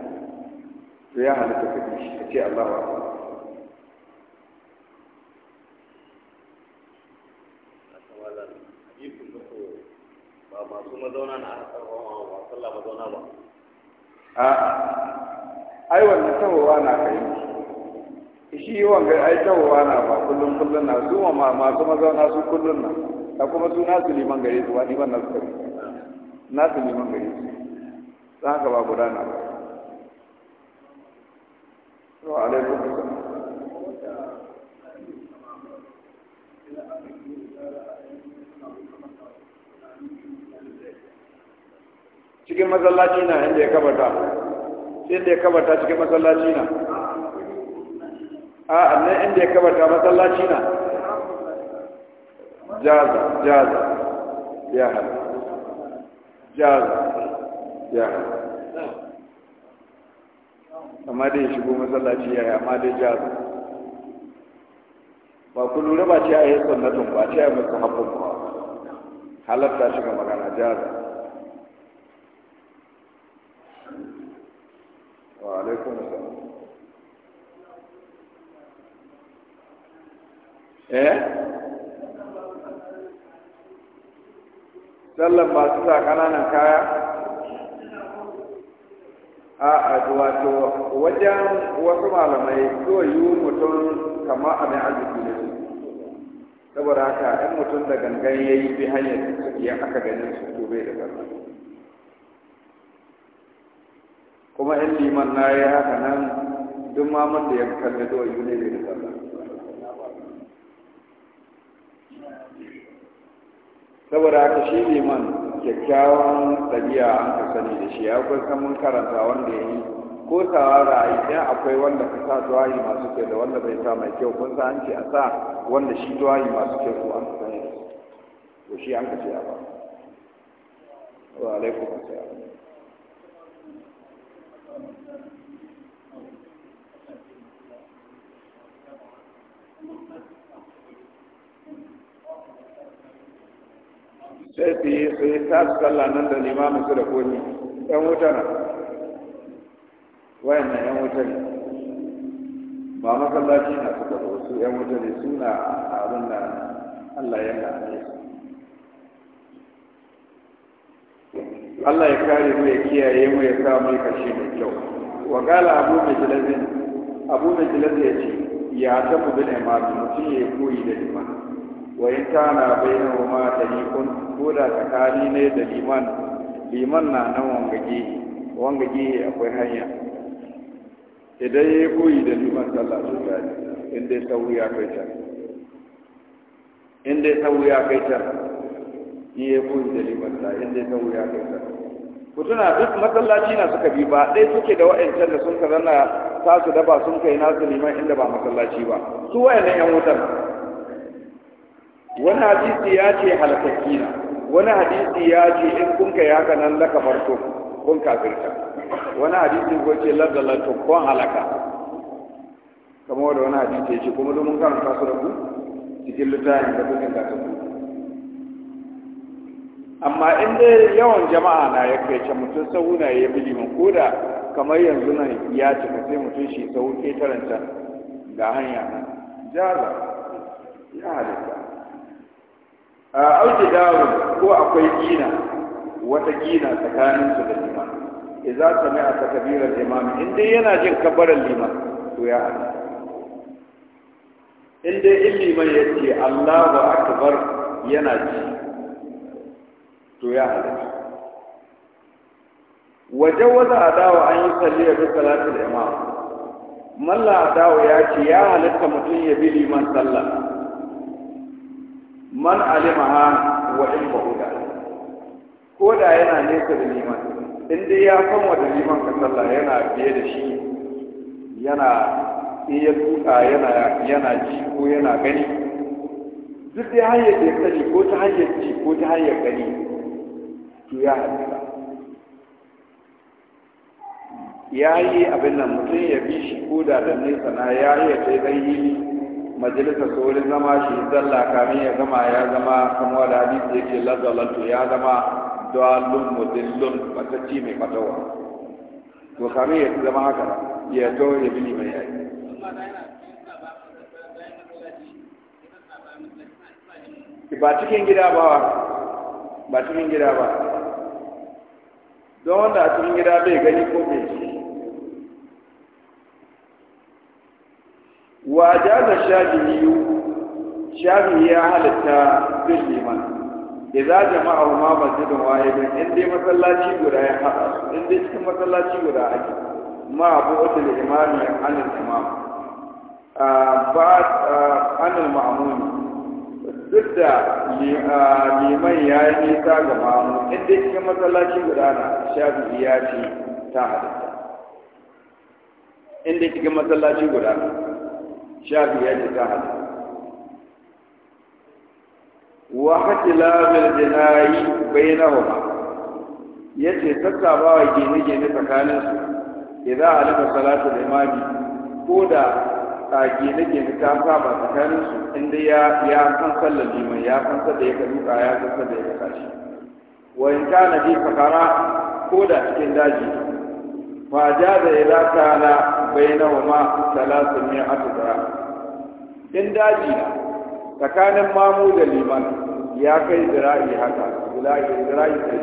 to ya halitta kaɗi shi ka ce Allah wa ba masu mazauna na aka karfawa ba sallah mazauna ba a ai wannan tawowa na kai shi wanga ai tawowa na ba kullum kullum na su ma masu mazauna su kullum na da kuma su nasu liman gare su wani ban nasu na su liman gare su za ka ba na ba wa alaikum cikin masallaci na inda ya kabata sai da ya kabata cikin masallaci na a annan inda ya kabata masallaci na jaza jaza ya hana jaza ya hana amma dai shigo masallaci ya yi amma dai jazu ba ku lura ba ce a yi sunnatun ba ce a yi musu haɓɓun ba halatta shi ga magana jazu wa alaikum eh sallan masu sa ƙananan kaya a wato wajen wasu malamai zuwa yi mutum kama abin arziki ne saboda haka ɗan mutum da gangan ya yi bi hanyar suke aka ganin su to bai da sallah kuma in liman na ya haka nan duk mamun da ya kalli zuwa yi ne bai da sallah saboda haka shi liman kyakkyawan ɗabi'a an ka sani da shi ya kusan mun karanta wanda ya yi ko da a idan akwai wanda ka sa tuwayi masu kyau da wanda bai sa mai kyau kun sa an ce a sa wanda shi tuwayi masu kyau ko an ka sani da to shi an ka ce a ba wa alaikum assalam Thank you. sai su yi su ta sallah nan da limamin su da komi ɗan wuta na na ɗan wuta ne ba masallaci na suka zo su ɗan wuta ne suna abin da Allah ya gane su Allah ya kare mu ya kiyaye mu ya sa mu kashe mai kyau wa gala abu mai jilazin abu mai jilazin ya ce ya tafi bin imam mutum ya koyi da imam wa in kana bainahuma tariqun ko da tsakani ne da liman liman na nan wanga wangage akwai hanya idan ya koyi da liman sallah su tare in dai tsawo ya kai can in dai tsawo ya kai can in ya koyi da liman ta in dai tsawo ya kai can ku tuna duk masallaci na suka bi ba ɗaya suke da wa'ancan da sun ka zanna ta su daba sun kai nasu liman inda ba masallaci ba su wa'annan yan wutar wani hadisi ya ce halakakki na wani hadisi ya ce in kun ka nan laka farko kun kafirta wani hadisi ko ce lazzalatu kun halaka kamar wadda wani hadisi ya ce kuma domin karanta kasu da ku cikin littafin da kuka kasu ku amma in dai yawan jama'a na ya kai can mutum na ya bili mun koda kamar yanzu nan ya cika sai mutum shi sau ke taranta ga hanya Jala ya halitta auki dawon ko akwai gina wata gina tsakaninsu tsakanin su da liman idza sami'a takbirar imam in inda yana jin kabbaran liman to ya hada Inda dai in liman ya ce Allah Allahu akbar yana ji to ya Waje-waje wajawaza adawa an yi salliya bi salatul imam malla adawa ya ce ya halitta mutum ya bi liman sallah man alimaha wa in bahuda ko da yana nesa da liman in dai ya san wa da liman ka sallah yana biye da shi yana in ya tuka yana yana ji ko yana gani duk dai hanyar da ya sani ko ta hanyar ji ko ta hanyar gani to ya halitta ya yi abin nan mutum ya bi shi ko da da nesa na ya yi ya kai dan yi majalisa ko wurin zama shi zalla kamin ya gama ya zama kamar da hadisi yake lazalantu ya zama dalun mudillun matacci mai fatawa to kamin ya zama haka ya to ya bi mai yayi ba cikin gida ba ba cikin gida ba don wanda a cikin gida bai gani ko bai wa jaza shafi'i shafi'i ya halitta bin liman idza jama'a ma masjidun wahidun in dai masallaci guda ya haɗa in dai cikin masallaci guda ake ma abu da imami an imam ba an ma'muni duk da liman ya yi nisa ga mamu in dai cikin masallaci guda na Shafi ya ce ta halitta in dai cikin masallaci guda na sha biyar da ta hada nawa? hatilabil jinayi bainahuma yace tattaba wa gine-gine tsakanin su idan alika salatu da imami ko da a gine-gine ta saba tsakanin inda ya ya san ya san sadda ya duka ya san sadda ya tashi wa in kana bi fakara ko da cikin daji fa jaza ila kana bainahuma salasun min atuzara in daji tsakanin mamu da liman ya kai zira'i haka zira'i zira'i sai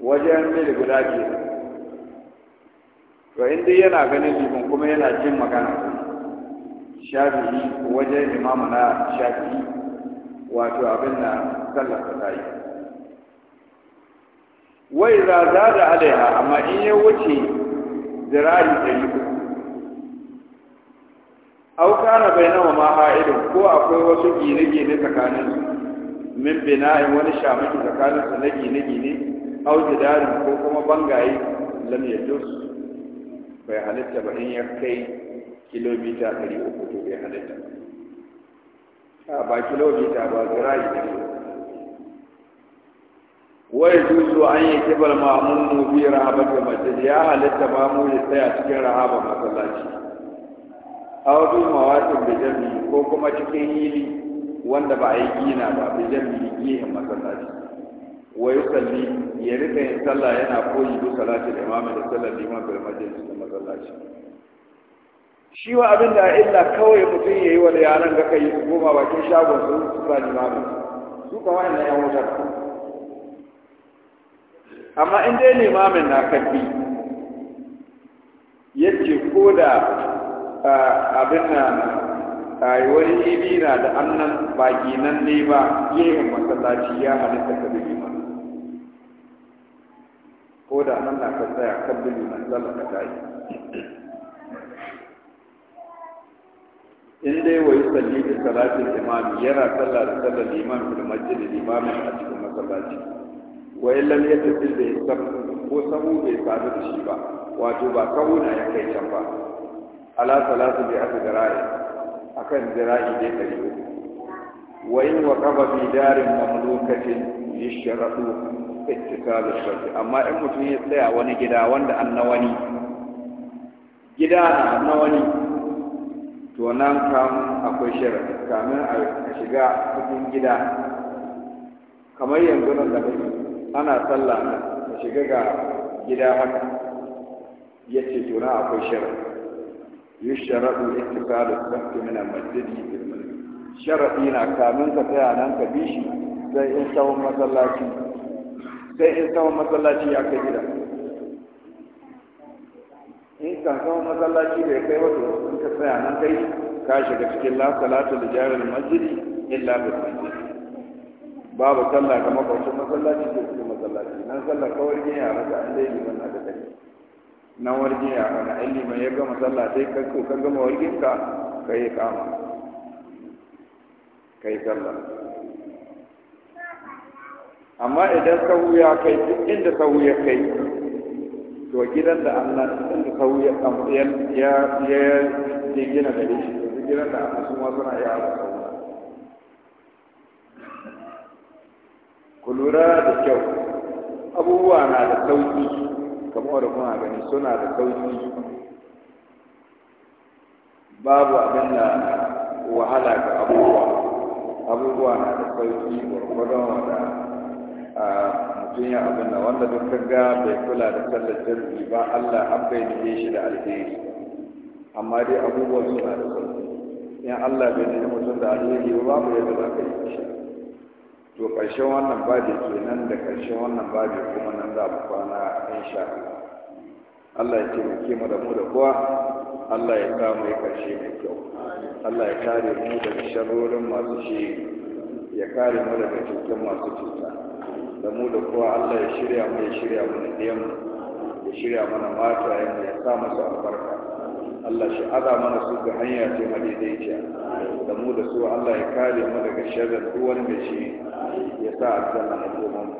wajen mil guda biyar to in dai yana ganin liman kuma yana jin magana shafi'i wajen imamu na shafi'i wato abin na sallar ta yi wai za da alaiha amma in ya wuce zirari ɗari uku au kana bai nawa ma ko akwai wasu gine-gine tsakanin su min bina'in wani shamaki tsakanin su na gine-gine au jidarin ko kuma bangaye lam yajus bai halitta ba in ya kai kilomita ɗari uku to bai halitta ba kilomita ba zirari ɗari uku wai juzu an yi kibar mamun mu bi rahabar da mace ya halitta ba mu ya tsaya cikin rahabar masallaci aw bi mawatin da jami ko kuma cikin hili wanda ba a yi gina ba bi jami gihin masallaci wai salli ya rika yin sallah yana koyi bi salati da imamu da sallar liman bil masjid cikin masallaci shi wa abin da illa kawai mutum ya yi wa da yaran ga kai goma bakin shagon su su ba limamin su kawai na yan wutar amma in dai limamin na karfi yace ko da abin na ai wani ibi na da annan baki nan ne ba yin masallaci ya halitta ka bi ma ko da nan na ka tsaya kan bi man zama ka tayi in dai wai salli da salatin imami yana sallah da sallar imam da masjidin imami a cikin masallaci wa illam yattasil bai sab ko sabu bai sadu da shi ba wato ba kauna ya kai can ba ala salatu bi aka dirai akan dirai dai kare wa in wa qaba bi darin mamlukatin yashratu ittisalu shart amma in mutum ya tsaya wani gida wanda an gida na wani to nan kam akwai sharadi kamin a shiga cikin gida kamar yanzu nan da kake ana sallah ta shiga ga gida haka ya ce tuna akwai shirin yusharaɗu ittisalu sabti min al-masjidi bil masjid sharadi na kamin ka tsaya nan ka bi shi sai in tsawon masallaci sai in tsawon masallaci ya kai gida in ka tsawon masallaci bai kai wato in ka tsaya nan kai ka shiga cikin salatu da jarin masjidi illa bil masjid babu sallah ga makwacin masallaci ko cikin masallaci nan sallah kawai ne ya rasa an dai liman aka da kai nan warge ya wani an liman ya gama sallah sai ka ka gama wargin ka kai kama kai sallah amma idan sahu ya kai duk inda sahu ya kai to gidan da Allah inda sahu ya ya ya gina da shi gidan da Allah su ma suna iya sahu lura da kyau abubuwa na da sauki kamar da kuma gani suna da sauki babu abin da wahala ga abubuwa abubuwa na da sauki gwargwadon wanda a mutum ya abin da wanda duk ga bai kula da sallar jirgi ba allah an bai shi da alheri amma dai abubuwa suna da sauki in allah bai nufe mutum da alheri ba babu yadda za ka yi shi to ƙarshen wannan babi kenan da ƙarshen wannan babi kuma nan za mu kwana insha Allah Allah ya taimake mu da mu da kowa Allah ya kama mai ƙarshe mai kyau Allah ya kare mu daga sharorin masu shi ya kare mu daga cikin masu cuta da mu da kowa Allah ya shirya mu ya shirya mu da ɗiyan ya shirya mana mata ya sa masu albarka Allah shi mana su ga hanya ce madaidaiciya da mu da su Allah ya kare mu daga sharrin duk wani mai shi ya sa aljanna na goma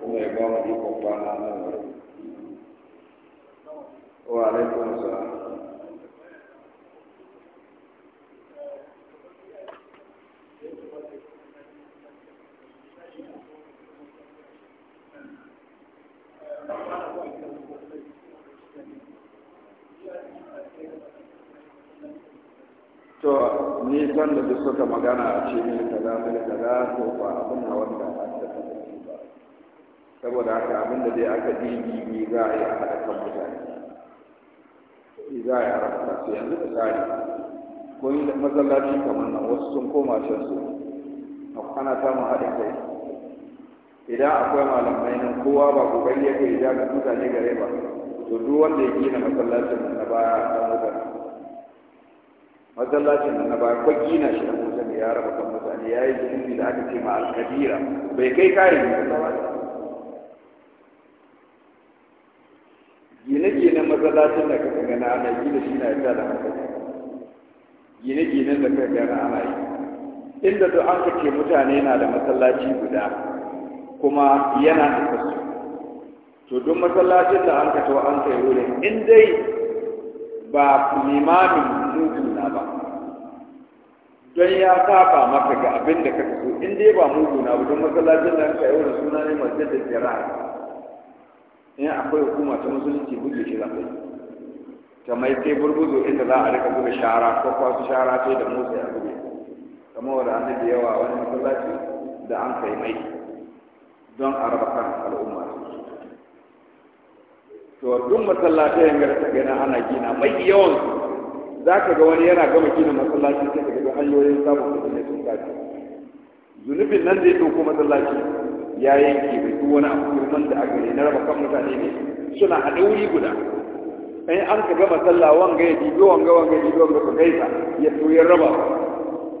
kuma ya ba mu ikon kwana nan wurin wa Thank you. to ni san da duk suka magana a ce mini kaza mini kaza ko ba abin da wanda a ta ba saboda haka abin da dai aka ɗibi ni za a yi a haɗa kan mutane ni za a yi a rasa su yanzu da tsari ko yi da kamar nan wasu sun koma can su ana samun haɗin kai idan akwai malamai nan kowa ba ku bayyana ya ga mutane gare ba to duk wanda ya gina masallacin nan na baya dan wuta masallacin nan na baya ko gina shi dan wuta ya raba kan mutane ya yi zunubi da aka ce ma alkabira bai kai kare ne ba gine-gine masallacin da kaka gana ana gina shi na yadda da hankali gine gine da kaka gana ana yi inda duk an kace mutane na da masallaci guda kuma yana da kasu to duk masallacin da an kato an kai wurin in dai ba limamin mugun na ba don ya saba maka ga abin da ka so in dai ba mugun na ba don masallacin da an kai wurin suna ne masjid da jira in akwai hukuma ta musulunci buɗe shi ta mai sai burbuzo inda za a rika buga shara ko kwasu shara sai da motsa ya buge kamar wa an da yawa wani masallaci da an kai mai don a raba kan al'umma to duk masallatai yanga da kaga ana gina mai yawan za ka ga wani yana gama gina masallaci sai ka ga hanyoyin samun kuɗi ne sun kaci zunubin nan da ya ɗauko masallaci ya yanke da duk wani abu girman da aka ne na raba kan mutane ne suna a wuri guda in an ka gama sallah wanga ya dibi wanga wanga ya dibi wanga ka gaisa ya to ya raba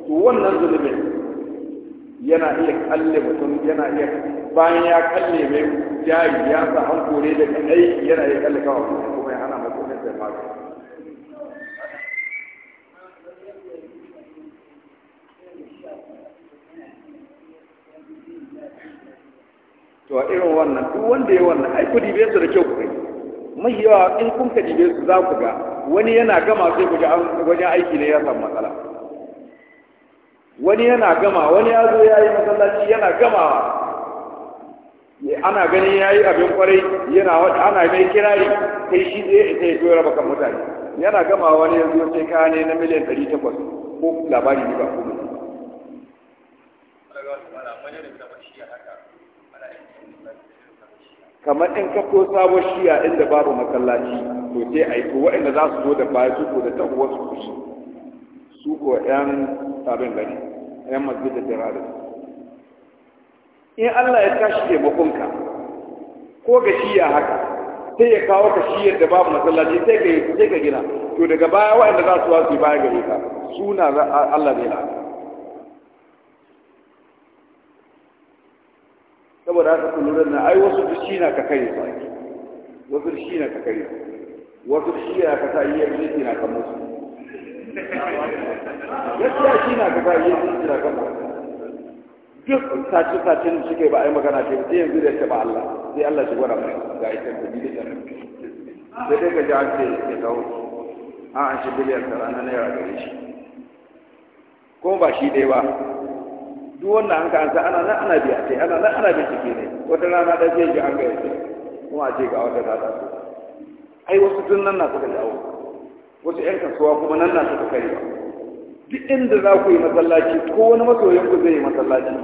to wannan zunubin yana iya kalle mutum yana iya bayan ya kalle mai jari ya sa an kore daga aiki yana iya kalle kawo kuma ya hana mutum ya sai to a irin wannan duk wanda ya wannan ai kudi dibe su da kyau ku mai yawa in kun kadi dibe su za ku ga wani yana gama sai ku ji wajen aiki ne ya samu matsala wani yana gama wani ya zo ya yi masallaci yana gamawa ana ganin ya yi abin kwarai yana wata ana mai kirari sai shi zai sai ya raba baka mutane yana gama wani yanzu sai kaya ne na miliyan ɗari takwas ko labari ne ba ko mutum. kamar in ka ko sabon shiya inda babu masallaci to sai a yi to waɗanda za su zo da baya su ko da tahuwar su kusa su ko ɗan abin gani yan masu da jirage in Allah ya tashi taimakonka ko ga shiya haka sai ya kawo ka shi da babu masallaci sai ka sai ka gina to daga baya wa'anda za su wasu baya gare ka suna Allah zai lafi saboda haka ku lura na ai wasu shi na ka kare su wasu shi na ka kare wasu dushi na ka sa iya dushi na ka musu gaskiya shi na gaba yi shi na gaba duk sace sace da suke ba a yi magana ce sai yanzu da ta ba Allah sai Allah shi gwada mai ga ita da bi da sai dai ka ji an ce ya dawo a an shi biliyan tara na naira gare shi ko ba shi dai ba duk wannan an ka an ana nan ana biya ce ana nan ana bincike ne wata rana da zai ji an ga yace kuma a ce ga wata ta ta ai wasu tun nan na suka dawo wasu 'yan kasuwa kuma nan na suka kai ba duk inda za ku yi masallaci ko wani masoyin ku zai yi masallaci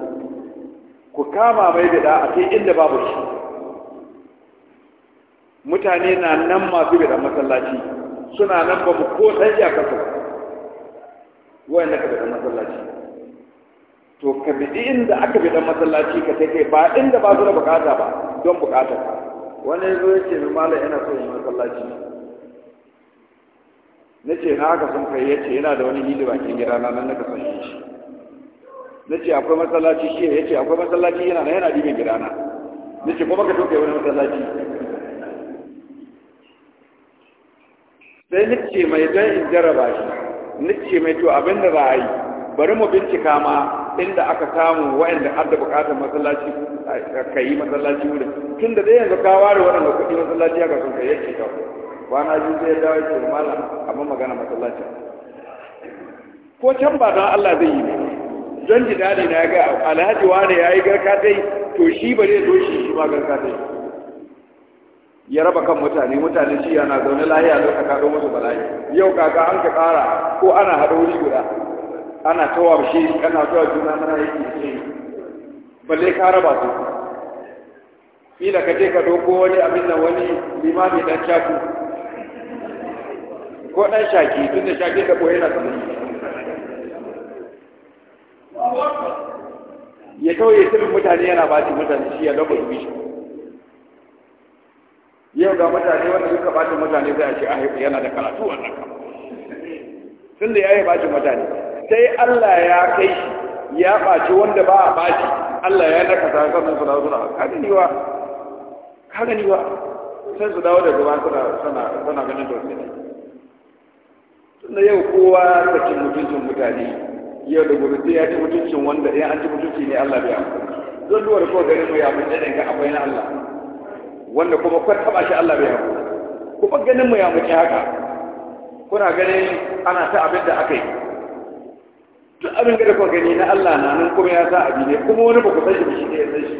ku kama mai bida a kai inda babu shi mutane na nan masu bida masallaci suna nan ba mu ko ɗan iyakar su na ka bida masallaci to ka bidi inda aka bida masallaci ka kai ba inda ba su da bukata ba don bukatar wani zo ya ce mala yana so yi masallaci na ce na haka sun kai yace ce yana da wani hili bakin gida na nan naka san shi na ce akwai masallaci shi ya ce akwai masallaci yana na yana dibin gida na na ce kuma ka toke wani masallaci sai na ce mai don in jaraba shi na ce mai to abin da za a yi bari mu bincika ma inda aka samu wa'anda har da bukatar masallaci ka yi masallaci wurin tun da yanzu ka ware waɗanda kuɗi masallaci ga sun kai yake kawai kwana biyu zai dawo ke malam amma magana masallacin ko can ba don Allah zai yi ne don ji dadi na ga alhaji wani ya yi garka dai to shi ba zai zo shi shi ma garka dai ya raba kan mutane mutane shi yana zaune lahiya zo ka kado musu bala'i yau kaka an ka kara ko ana haɗa wuri guda ana tawa shi ana tawa juna mana yake shi balle ka raba su ila ka je ka doko wani abin da wani limami dan shaku ko ɗan shaki tun da shaki da ɓoye na sama ya kawai tun mutane yana ba mutane shi ya lafa shi yau ga mutane wanda suka ba mutane zai a ce yana da karatu wannan tun da ya yi ba mutane sai Allah ya kai shi ya ɓaci wanda ba a ɓaci Allah ya naka ta kan su dawo suna kaga ni wa ni wa sai su dawo da zuwa suna suna suna ganin dole tunda yau kowa sakin mutuncin mutane yau da gobe sai ya ci mutuncin wanda ya an ci mutunci ne Allah bai amfani zan duwar ko garin mu ya mun dade ga akwai na Allah wanda kuma ko taba shi Allah bai amfani kuma ganin mu ya ci haka kuna ganin ana ta abin da aka yi duk abin da kuka gani na Allah na nan kuma ya sa abi ne kuma wani ba ku san shi shi ne ya san shi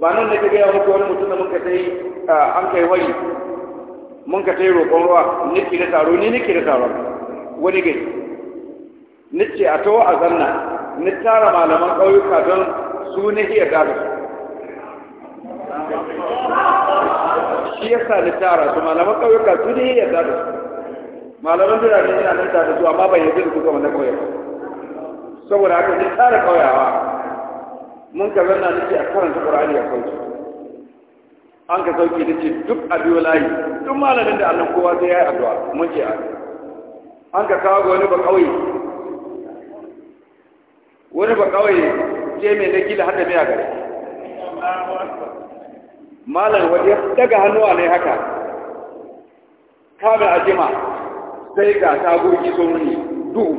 ba nan ne kaga ya muku wani mutum da muka sai ah, an kai wani mun ka tai roƙon ruwa nake da taro ni nake da taron wani gari nace a tawo a zanna ni tara malaman ƙauyuka don su ne iya gado shi ya sa ni tara su malaman ƙauyuka su ne iya gado malaman ne yana nan da su amma ban yi da kuka wannan ƙauyuka saboda haka ni tara ƙauyawa mun ka zanna nace a karanta ƙur'ani a kauce an ka sauke da ce duk a biyo layi duk malamin da annan kowa zai yi addu'a mun ce a. an ka kawo wani ba kawai wani ba kawai ce mai na gila hada miya gari malam waje daga hannuwa ne haka Kame a jima sai ga tagogi sun wuni duhu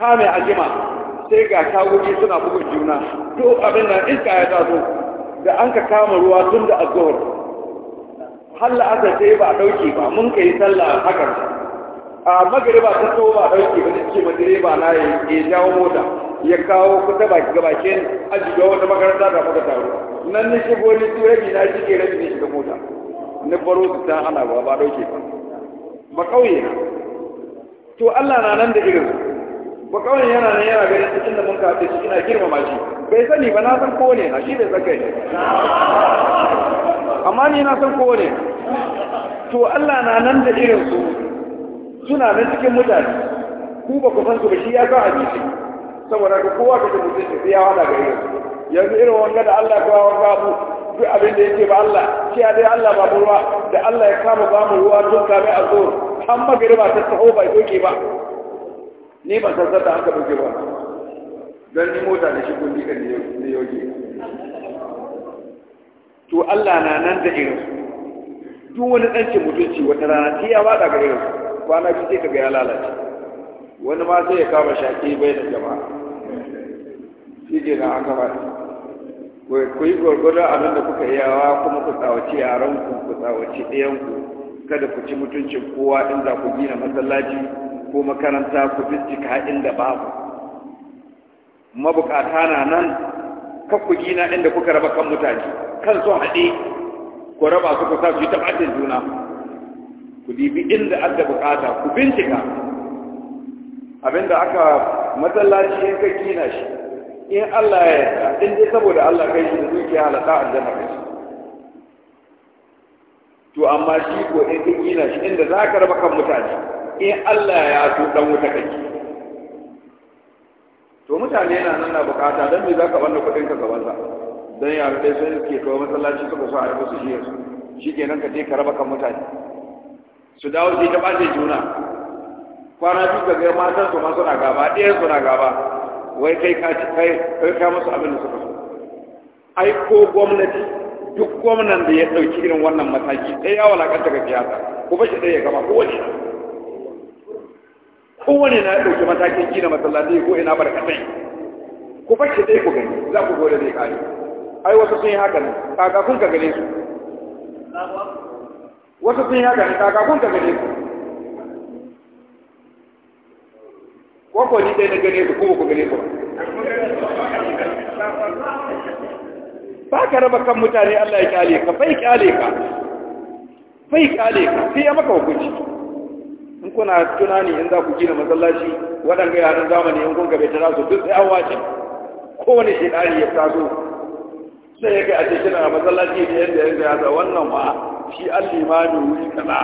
Kame a jima sai ga tagogi suna bugun juna to abin da iska ya taso da an ka kama ruwa tun da azuhar halla aka sai ba a ba mun kai yi sallah hakan a magariba ta so ba dauke ba ne ce ma direba na ya jawo mota ya kawo kusa baki ga bakin ajiye wata makaranta da muka taro nan ne shi ni su rabi na shige rabi ne shiga mota ni baro su ta hana ba ba dauke ba ba kauye na to Allah na nan da irin ba kauye yana nan yana ganin cikin da mun ka shi ina girmama shi bai sani ba na san kowane na shi bai saka amma ni na san kowane to Allah na nan da irin su suna nan cikin mutane ku ba ku san su ba shi ya sa hadisi saboda ku, kowa ka ji mutunci sai ya wada gare su yanzu irin wanga da Allah ka wanga abu duk abin da yake ba Allah shi dai Allah ba ruwa da Allah ya kama ba mu ruwa tun kame a zuwa an magariba ta taho bai yake ba ni ba san da haka doke ba dan ni mota da shi kun dika ne yoke to Allah na nan da irin duk wani ce mutunci wata rana sai ya wada gare su kwana biyu sai ka ga ya lalace wani ma sai ya kama shaƙi bai da jama'a shi ke na aka ba ku yi gwargwadon abin da kuka yawa kuma ku tsawace yaranku ku tsawace ɗayanku kada ku ci mutuncin kowa inda ku gina masallaci ko makaranta ku bincika inda babu mabukata na nan kan ku gina inda kuka raba kan mutane kan son haɗe ku raba su ku sa su yi tabbatin juna ku dibi inda aka bukata ku bincika abinda aka matsalaci in kai kina shi in Allah ya yarda in dai saboda Allah kai shi da dukiya halaka aljanna kai to amma shi ko in ka kina shi inda za ka raba kan mutane in Allah ya so dan wuta kai to mutane na nan na bukata dan me za ka wanda kudin ka gaban sa dan ya dai sai ke kawo masallaci suka so a yi musu shi ke nan ka je ka raba kan mutane su dawo su ta bace juna kwana biyu ka gaba matan su ma suna gaba ɗayan suna gaba wai kai ka ci kai kai ka musu abin da suka so ai ko gwamnati duk gwamnan da ya ɗauki irin wannan mataki sai ya walakanta ga siyasa ko ba shi ɗaya ya gama ko wani na ya ɗauki matakin gina masallaci ko ina barkatai ba shi ɗaya ku gani za ku gode zai kare ai wasu sun yi haka ne kun ka gane su wasu sun yi ni ne kun ka ne ku ko ko ni dai na gane ku kuma ku gane ku ba ka raba kan mutane Allah ya kyale ka fai kyale ka fai kyale ka sai ya maka hukunci in kuna tunani in za ku gina masallaci waɗanda yaran zamani in kun gabe ta su duk sai an wace kowane shekari ya taso sai ya kai a cikin a masallaci da yadda ya zai wannan ba shi an limamin wuri kaza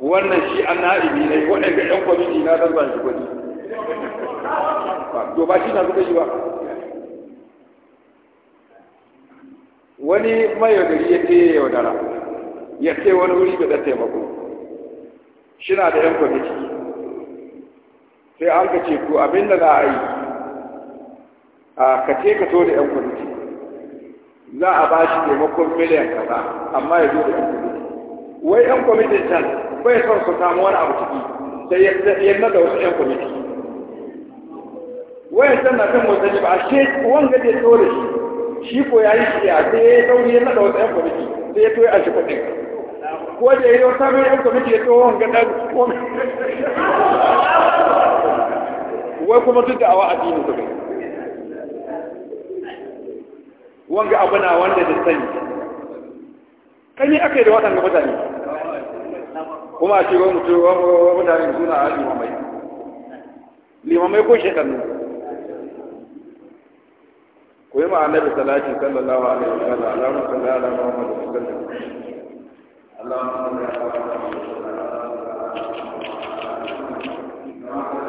wannan shi an na'ibi ne waɗanda ɗan kwamiti na zan zan shi gwani to ba shi na zuba yi ba wani mai gari ya ce wadara ya ce wani wuri da taimako shi na da ɗan kwamiti sai an ka ce ko abin da za a yi a ka ce ka to da yan kwamiti za a ba shi taimakon miliyan kaza amma ya zo da kuɗi wai yan kwamitin can bai son su samu wani abu ciki sai ya da wasu yan kwamiti wai can na kan motsa ba a ce wanga zai tsore shi shi ko ya yi shi a sai ya sauri ya da wasu yan kwamiti sai ya toye a shi kuɗin ko da ya yi wata mai yan kwamiti ya tsohon wanga ɗan komai wai kuma duk da awa addinin su bai wanga abu na wanda da sani kani aka yi da waɗanda mutane kuma a ce wa mutu wa mutane suna a limamai limamai ko shekaru ku yi ma'anar da salati sallallahu alaihi wa sallam alamun sallallahu alaihi wa sallam Allahumma salli ala wa